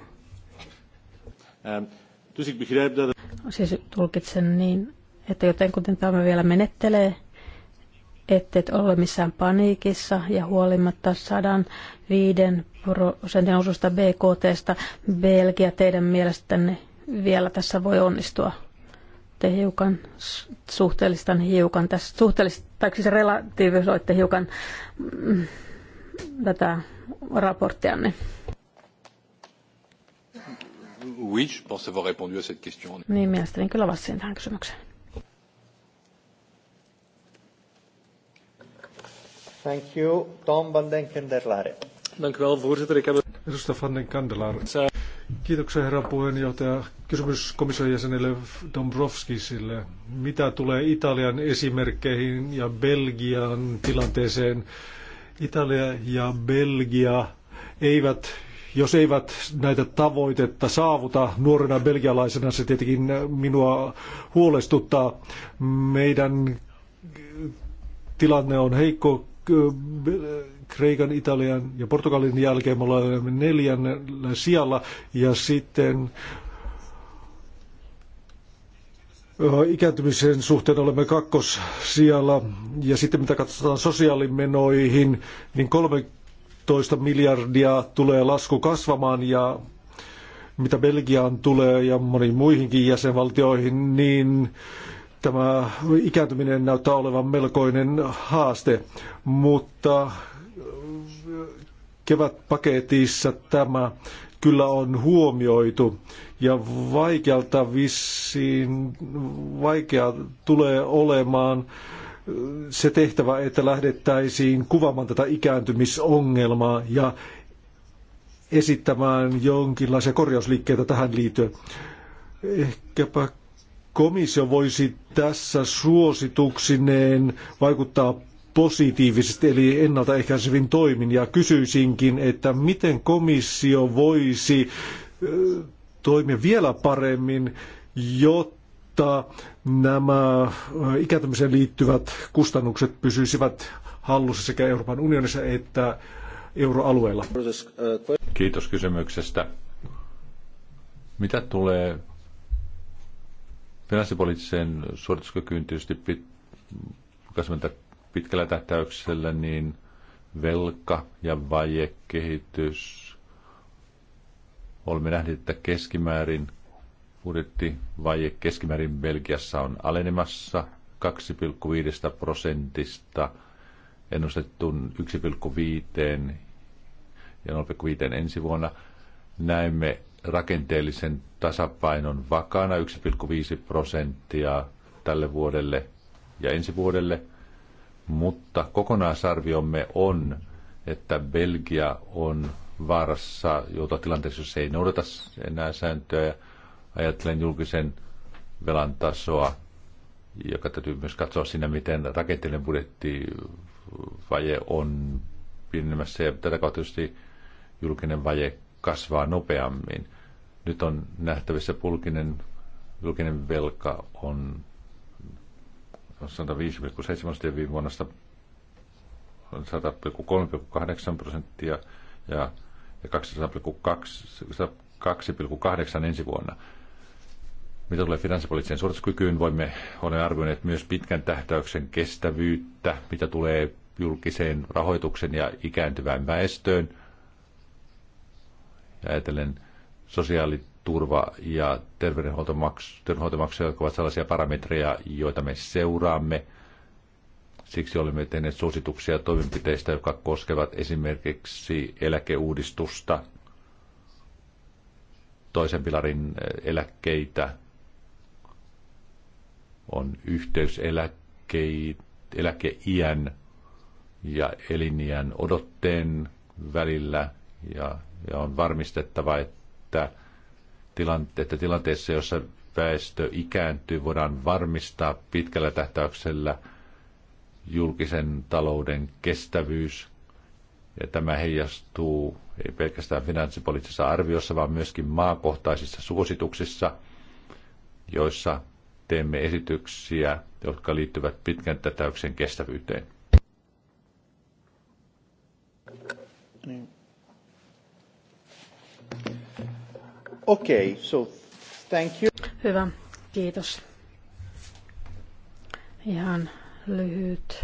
Ehm, siis tulkitsen niin, että jotenkin tämä vielä menettelee ette ole missään paniikissa ja huolimatta 105 prosentin osuusta BKTstä Belgia teidän mielestänne vielä tässä voi onnistua? Te hiukan suhteellistan hiukan tässä, suhteellista, tai siis relatiivisoitte hiukan mm, tätä raporttianne. Oui, je pense avoir répondu à cette question. Niin, mielestäni kyllä vastasin tähän kysymykseen. Thank you. Tom van den Kenderlare. Dank u wel, voorzitter. Ik heb... Edustaja van den Kandelaar. Kiitoksia herra puheenjohtaja. Kysymys komission jäsenelle Dombrovskisille. Mitä tulee Italian esimerkkeihin ja Belgian tilanteeseen? Italia ja Belgia eivät jos eivät näitä tavoitetta saavuta nuorena belgialaisena, se tietenkin minua huolestuttaa. Meidän tilanne on heikko Kreikan, Italian ja Portugalin jälkeen me olemme neljännellä sijalla ja sitten ikääntymisen suhteen olemme kakkossijalla ja sitten mitä katsotaan sosiaalimenoihin, niin 13 miljardia tulee lasku kasvamaan ja mitä Belgiaan tulee ja moniin muihinkin jäsenvaltioihin, niin Tämä ikääntyminen näyttää olevan melkoinen haaste, mutta äh, kevätpaketissa tämä kyllä on huomioitu ja vaikealta vissiin, vaikea tulee olemaan äh, se tehtävä, että lähdettäisiin kuvaamaan tätä ikääntymisongelmaa ja esittämään jonkinlaisia korjausliikkeitä tähän liittyen. Ehkäpä komissio voisi tässä suosituksineen vaikuttaa positiivisesti, eli ennaltaehkäisevin toimin, ja kysyisinkin, että miten komissio voisi toimia vielä paremmin, jotta nämä ikääntymiseen liittyvät kustannukset pysyisivät hallussa sekä Euroopan unionissa että euroalueella. Kiitos kysymyksestä. Mitä tulee Finanssipoliittiseen suorituskykyyn tietysti pit, pitkällä tähtäyksellä, niin velka ja vajekehitys. Olemme nähneet, että keskimäärin budjettivaje keskimäärin Belgiassa on alenemassa 2,5 prosentista ennustettuun 1,5 ja 0,5 ensi vuonna. Näemme, rakenteellisen tasapainon vakaana 1,5 prosenttia tälle vuodelle ja ensi vuodelle, mutta kokonaisarviomme on, että Belgia on vaarassa joutua tilanteessa, jos ei noudata enää sääntöä. Ja ajattelen julkisen velan tasoa, joka täytyy myös katsoa siinä, miten rakenteellinen budjettivaje on pienemmässä ja tätä kautta tietysti julkinen vaje kasvaa nopeammin. Nyt on nähtävissä pulkinen, julkinen velka on 105,7 viime vuonna 100,3,8 prosenttia ja, ja 202,8 ensi vuonna. Mitä tulee finanssipoliittiseen suorituskykyyn, voimme olla arvioineet myös pitkän tähtäyksen kestävyyttä, mitä tulee julkiseen rahoituksen ja ikääntyvään väestöön. Ja ajatellen sosiaaliturva ja terveydenhoitomaksuja, jotka ovat sellaisia parametreja, joita me seuraamme. Siksi olemme tehneet suosituksia toimenpiteistä, jotka koskevat esimerkiksi eläkeuudistusta, toisen pilarin eh, eläkkeitä, on yhteys eläkeiän ja eliniän odotteen välillä ja, ja on varmistettava, että että, tilante, että tilanteessa, jossa väestö ikääntyy, voidaan varmistaa pitkällä tähtäyksellä julkisen talouden kestävyys. Ja tämä heijastuu ei pelkästään finanssipoliittisessa arviossa, vaan myöskin maakohtaisissa suosituksissa, joissa teemme esityksiä, jotka liittyvät pitkän tätäyksen kestävyyteen. Niin. Okay, so thank you. Hyvä, kiitos. Ihan lyhyt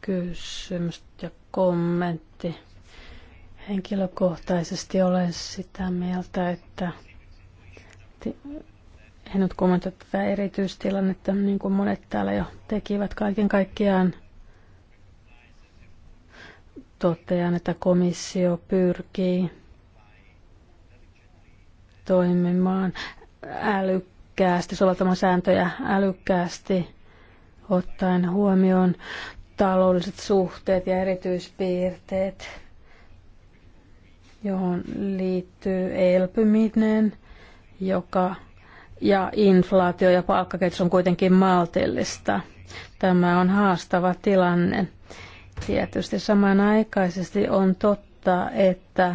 kysymys ja kommentti. Henkilökohtaisesti olen sitä mieltä, että en nyt kommentoi tätä erityistilannetta, niin kuin monet täällä jo tekivät kaiken kaikkiaan. Totean, että komissio pyrkii toimimaan älykkäästi, soveltamaan sääntöjä älykkäästi ottaen huomioon taloudelliset suhteet ja erityispiirteet, johon liittyy elpyminen, joka ja inflaatio ja palkkakehitys on kuitenkin maltillista. Tämä on haastava tilanne. Tietysti samanaikaisesti on totta, että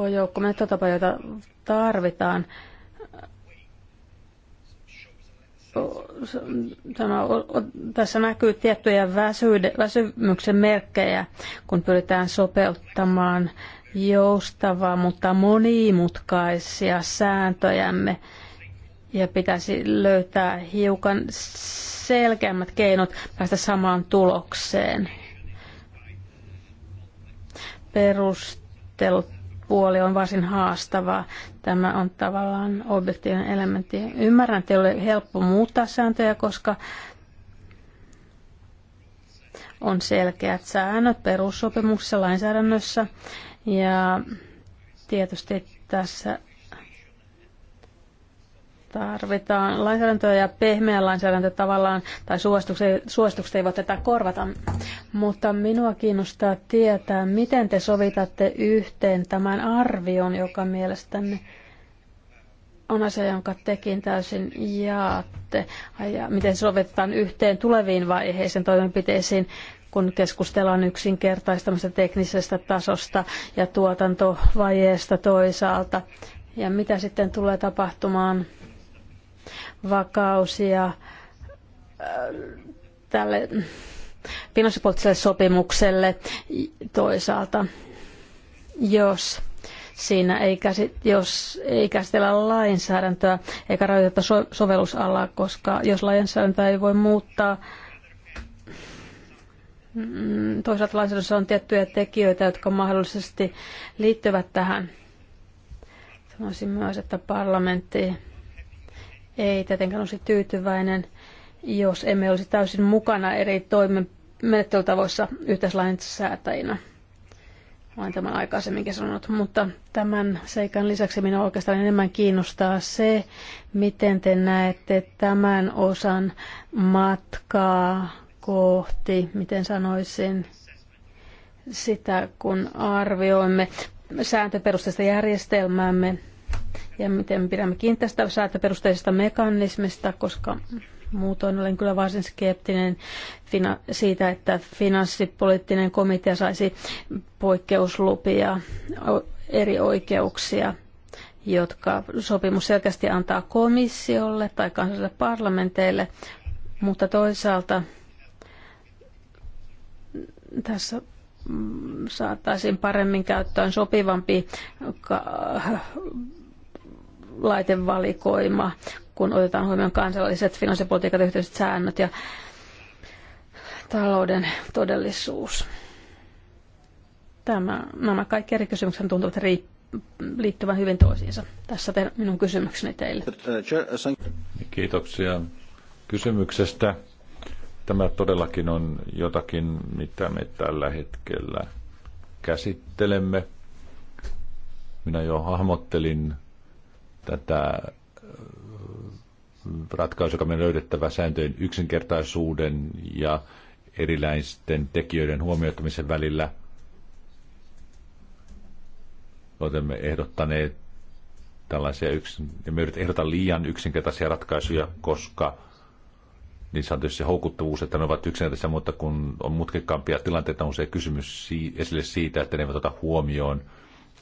koko joukko metotapa, jota tarvitaan. Tämä, tässä näkyy tiettyjä väsyde, väsymyksen merkkejä, kun pyritään sopeuttamaan joustavaa, mutta monimutkaisia sääntöjämme ja pitäisi löytää hiukan selkeämmät keinot päästä samaan tulokseen. Perustelut puoli on varsin haastavaa. Tämä on tavallaan objektiivinen elementti. Ymmärrän, että ei ole helppo muuttaa sääntöjä, koska on selkeät säännöt perussopimuksessa lainsäädännössä. Ja tietysti tässä tarvitaan lainsäädäntöä ja pehmeä lainsäädäntö tavallaan, tai suositukset, suositukset voi tätä korvata. Mutta minua kiinnostaa tietää, miten te sovitatte yhteen tämän arvion, joka mielestäni on asia, jonka tekin täysin jaatte, ja miten sovitetaan yhteen tuleviin vaiheisiin toimenpiteisiin, kun keskustellaan yksinkertaistamista teknisestä tasosta ja tuotantovajeesta toisaalta. Ja mitä sitten tulee tapahtumaan vakaus ja äh, tälle finanssipoliittiselle sopimukselle toisaalta, jos siinä ei, käsit, jos ei käsitellä lainsäädäntöä eikä rajoiteta so- sovellusalaa, koska jos lainsäädäntöä ei voi muuttaa, mm, toisaalta lainsäädännössä on tiettyjä tekijöitä, jotka mahdollisesti liittyvät tähän. Sanoisin myös, että parlamentti ei tietenkään olisi tyytyväinen, jos emme olisi täysin mukana eri toimen menettelytavoissa yhteislain säätäjinä. Olen tämän aikaisemminkin sanonut, mutta tämän seikan lisäksi minua oikeastaan enemmän kiinnostaa se, miten te näette tämän osan matkaa kohti, miten sanoisin, sitä kun arvioimme sääntöperusteista järjestelmäämme ja miten pidämme kiinni tästä sääntöperusteisesta mekanismista, koska muutoin olen kyllä varsin skeptinen siitä, että finanssipoliittinen komitea saisi poikkeuslupia eri oikeuksia jotka sopimus selkeästi antaa komissiolle tai kansalliselle parlamenteille, mutta toisaalta tässä saataisiin paremmin käyttöön sopivampi laitevalikoima, kun otetaan huomioon kansalliset finanssipolitiikat, yhteiset säännöt ja talouden todellisuus. Tämä, nämä kaikki eri kysymykset tuntuvat liittyvän hyvin toisiinsa. Tässä te, minun kysymykseni teille. Kiitoksia kysymyksestä. Tämä todellakin on jotakin, mitä me tällä hetkellä käsittelemme. Minä jo hahmottelin tätä äh, ratkaisu, joka meidän löydettävä sääntöjen yksinkertaisuuden ja erilaisten tekijöiden huomioittamisen välillä. Olemme ehdottaneet tällaisia yksin, me ehdota liian yksinkertaisia ratkaisuja, koska niissä on tietysti se houkuttavuus, että ne ovat yksinkertaisia, mutta kun on mutkikkaampia tilanteita, on se kysymys esille siitä, että ne eivät ota huomioon –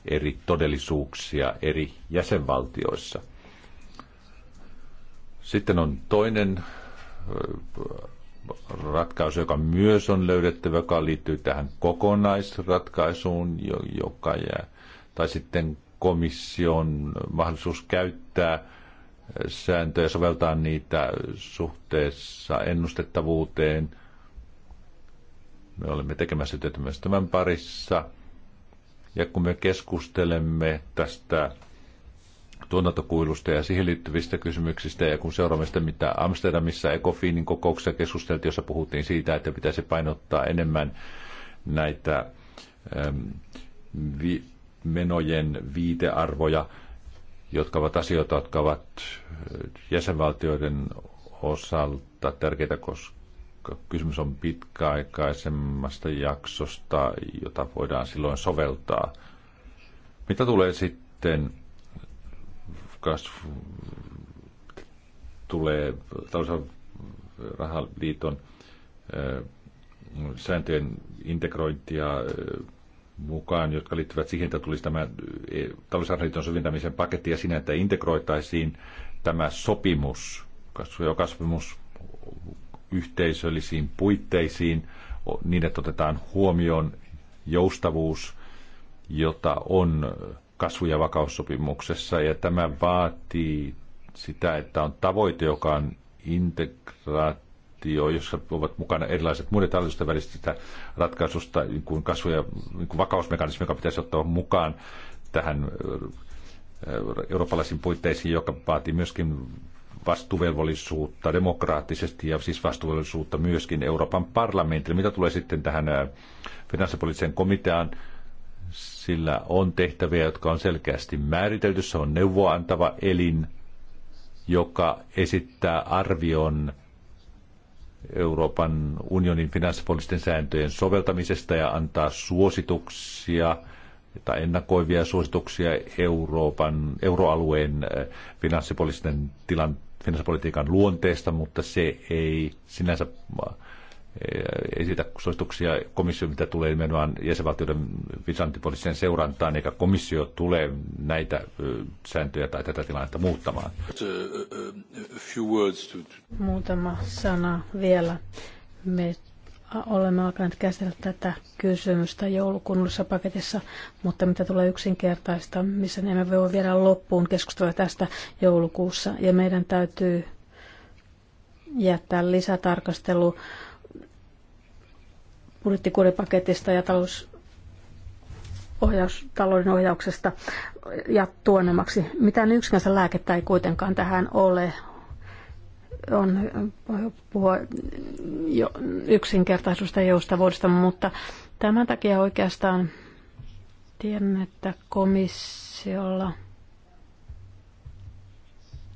eri todellisuuksia eri jäsenvaltioissa. Sitten on toinen äh, ratkaisu, joka myös on löydettävä, joka liittyy tähän kokonaisratkaisuun, joka jää, tai sitten komission mahdollisuus käyttää äh, sääntöjä, soveltaa niitä suhteessa ennustettavuuteen. Me olemme tekemässä työtä myös tämän parissa – ja kun me keskustelemme tästä tuotantokuilusta ja siihen liittyvistä kysymyksistä, ja kun seuraamme sitä, mitä Amsterdamissa Ecofinin kokouksessa keskusteltiin, jossa puhuttiin siitä, että pitäisi painottaa enemmän näitä äm, vi, menojen viitearvoja, jotka ovat asioita, jotka ovat äh, jäsenvaltioiden osalta tärkeitä, koska koska kysymys on pitkäaikaisemmasta jaksosta, jota voidaan silloin soveltaa. Mitä tulee sitten kasvu, tulee rahaliiton sääntöjen integrointia mukaan, jotka liittyvät siihen, että tulisi tämä talousarvoliiton sovintamisen paketti ja siinä, että integroitaisiin tämä sopimus, kasvu- ja sopimus yhteisöllisiin puitteisiin niin, että otetaan huomioon joustavuus, jota on kasvu- ja vakaussopimuksessa, ja tämä vaatii sitä, että on tavoite, joka on integraatio, jossa ovat mukana erilaiset muiden hallitusten välistä ratkaisusta, niin kuin kasvu- ja niin kuin vakausmekanismi, joka pitäisi ottaa mukaan tähän eurooppalaisiin puitteisiin, joka vaatii myöskin vastuvelvollisuutta demokraattisesti ja siis vastuvelvollisuutta myöskin Euroopan parlamentille. Mitä tulee sitten tähän finanssipoliittiseen komiteaan, sillä on tehtäviä, jotka on selkeästi määritelty. Se on neuvoa antava elin, joka esittää arvion Euroopan unionin finanssipoliittisten sääntöjen soveltamisesta ja antaa suosituksia tai ennakoivia suosituksia Euroopan, euroalueen finanssipoliittisten tilanteen finanssipolitiikan luonteesta, mutta se ei sinänsä äh, esitä suosituksia komissio, mitä tulee nimenomaan jäsenvaltioiden finanssipoliittiseen seurantaan, eikä komissio tule näitä äh, sääntöjä tai tätä tilannetta muuttamaan. Äh, Muutama sana vielä. Me olemme alkaneet käsitellä tätä kysymystä joulukunnallisessa paketissa, mutta mitä tulee yksinkertaista, missä emme voi vielä loppuun keskustella tästä joulukuussa. Ja meidän täytyy jättää lisätarkastelu budjettikuripaketista ja talous, ohjaus, talouden ohjauksesta ja tuonemmaksi. Mitään yksinänsä lääkettä ei kuitenkaan tähän ole on puhua jo yksinkertaisuudesta ja joustavuudesta, mutta tämän takia oikeastaan tiedän, että komissiolla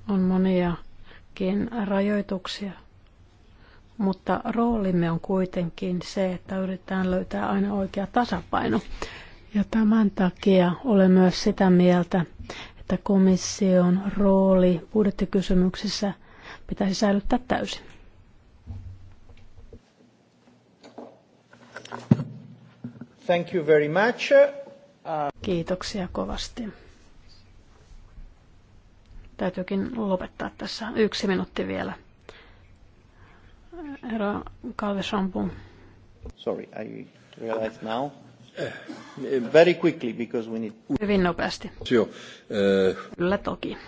on moniakin rajoituksia, mutta roolimme on kuitenkin se, että yritetään löytää aina oikea tasapaino. Ja tämän takia olen myös sitä mieltä, että komission rooli budjettikysymyksissä pitäisi säilyttää täysin. Thank you very much. Kiitoksia kovasti. Täytyykin lopettaa tässä yksi minuutti vielä. Herra Kalve Shampoo. Sorry, I realize now. Very quickly, because we need... Hyvin nopeasti. Joo. Uh, Kyllä toki.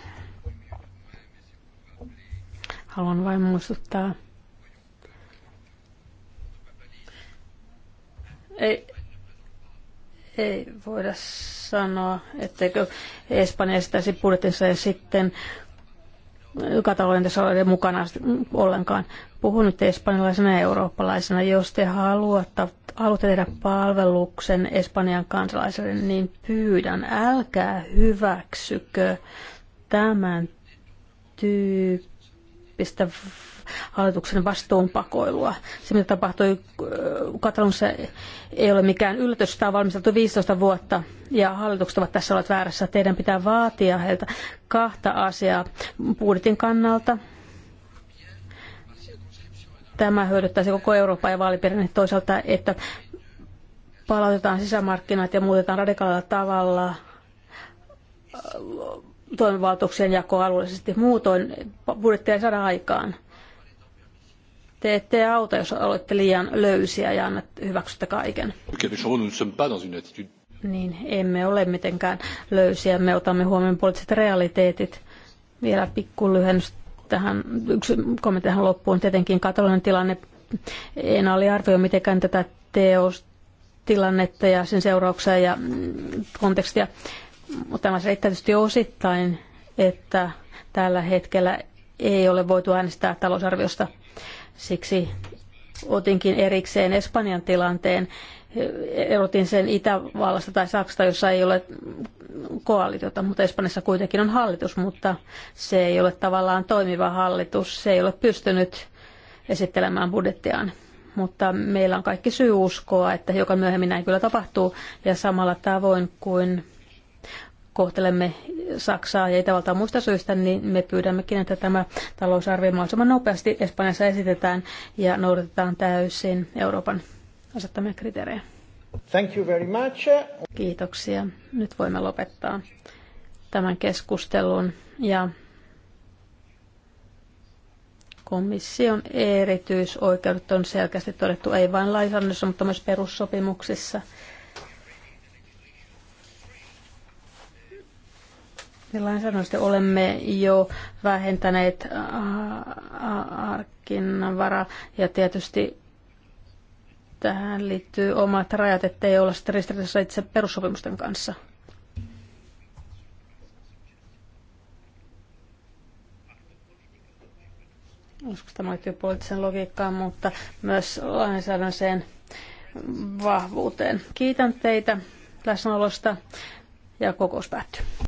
Haluan vain muistuttaa. Ei, ei voida sanoa, etteikö Espanja esittäisi budjetinsa ja sitten Katalonian tasolla ole mukana ollenkaan. Puhun nyt espanjalaisena ja eurooppalaisena. Jos te haluatte, haluatte tehdä palveluksen Espanjan kansalaisille, niin pyydän, älkää hyväksykö tämän tyyppi tyyppistä hallituksen vastuunpakoilua. Se, mitä tapahtui äh, Katalonissa, ei ole mikään yllätys. Sitä on valmisteltu 15 vuotta ja hallitukset ovat tässä olleet väärässä. Teidän pitää vaatia heiltä kahta asiaa budjetin kannalta. Tämä hyödyttäisi koko Eurooppaa ja vaalipiirin toisaalta, että palautetaan sisämarkkinat ja muutetaan radikaalilla tavalla äh, toimivaltuuksien jakoa alueellisesti. Muutoin budjettia ei saada aikaan. Te ette auta, jos olette liian löysiä ja annat hyväksytte kaiken. Niin, emme ole mitenkään löysiä. Me otamme huomioon poliittiset realiteetit. Vielä pikku lyhennys tähän, yksi kommentti tähän loppuun. Tietenkin katalonen tilanne, en aliarvioi mitenkään tätä teostilannetta ja sen seurauksia ja kontekstia. Mutta tämä se tietysti osittain, että tällä hetkellä ei ole voitu äänestää talousarviosta. Siksi otinkin erikseen Espanjan tilanteen. Erotin sen Itävallasta tai Saksasta, jossa ei ole koalitiota, mutta Espanjassa kuitenkin on hallitus, mutta se ei ole tavallaan toimiva hallitus. Se ei ole pystynyt esittelemään budjettiaan. Mutta meillä on kaikki syy uskoa, että hiukan myöhemmin näin kyllä tapahtuu. Ja samalla tavoin kuin kohtelemme Saksaa ja Itävaltaa muista syistä, niin me pyydämmekin, että tämä talousarvio mahdollisimman nopeasti Espanjassa esitetään ja noudatetaan täysin Euroopan asettamia kriteerejä. Thank you very much. Kiitoksia. Nyt voimme lopettaa tämän keskustelun ja komission erityisoikeudet on selkeästi todettu ei vain lainsäädännössä, mutta myös perussopimuksissa – että olemme jo vähentäneet harkinnanvaraa ja tietysti tähän liittyy omat rajat, ettei olla sitten ristiriidassa itse perussopimusten kanssa. Joskus tämä liittyy poliittiseen logiikkaan, mutta myös lainsäädännön vahvuuteen. Kiitän teitä läsnäolosta ja kokous päättyy.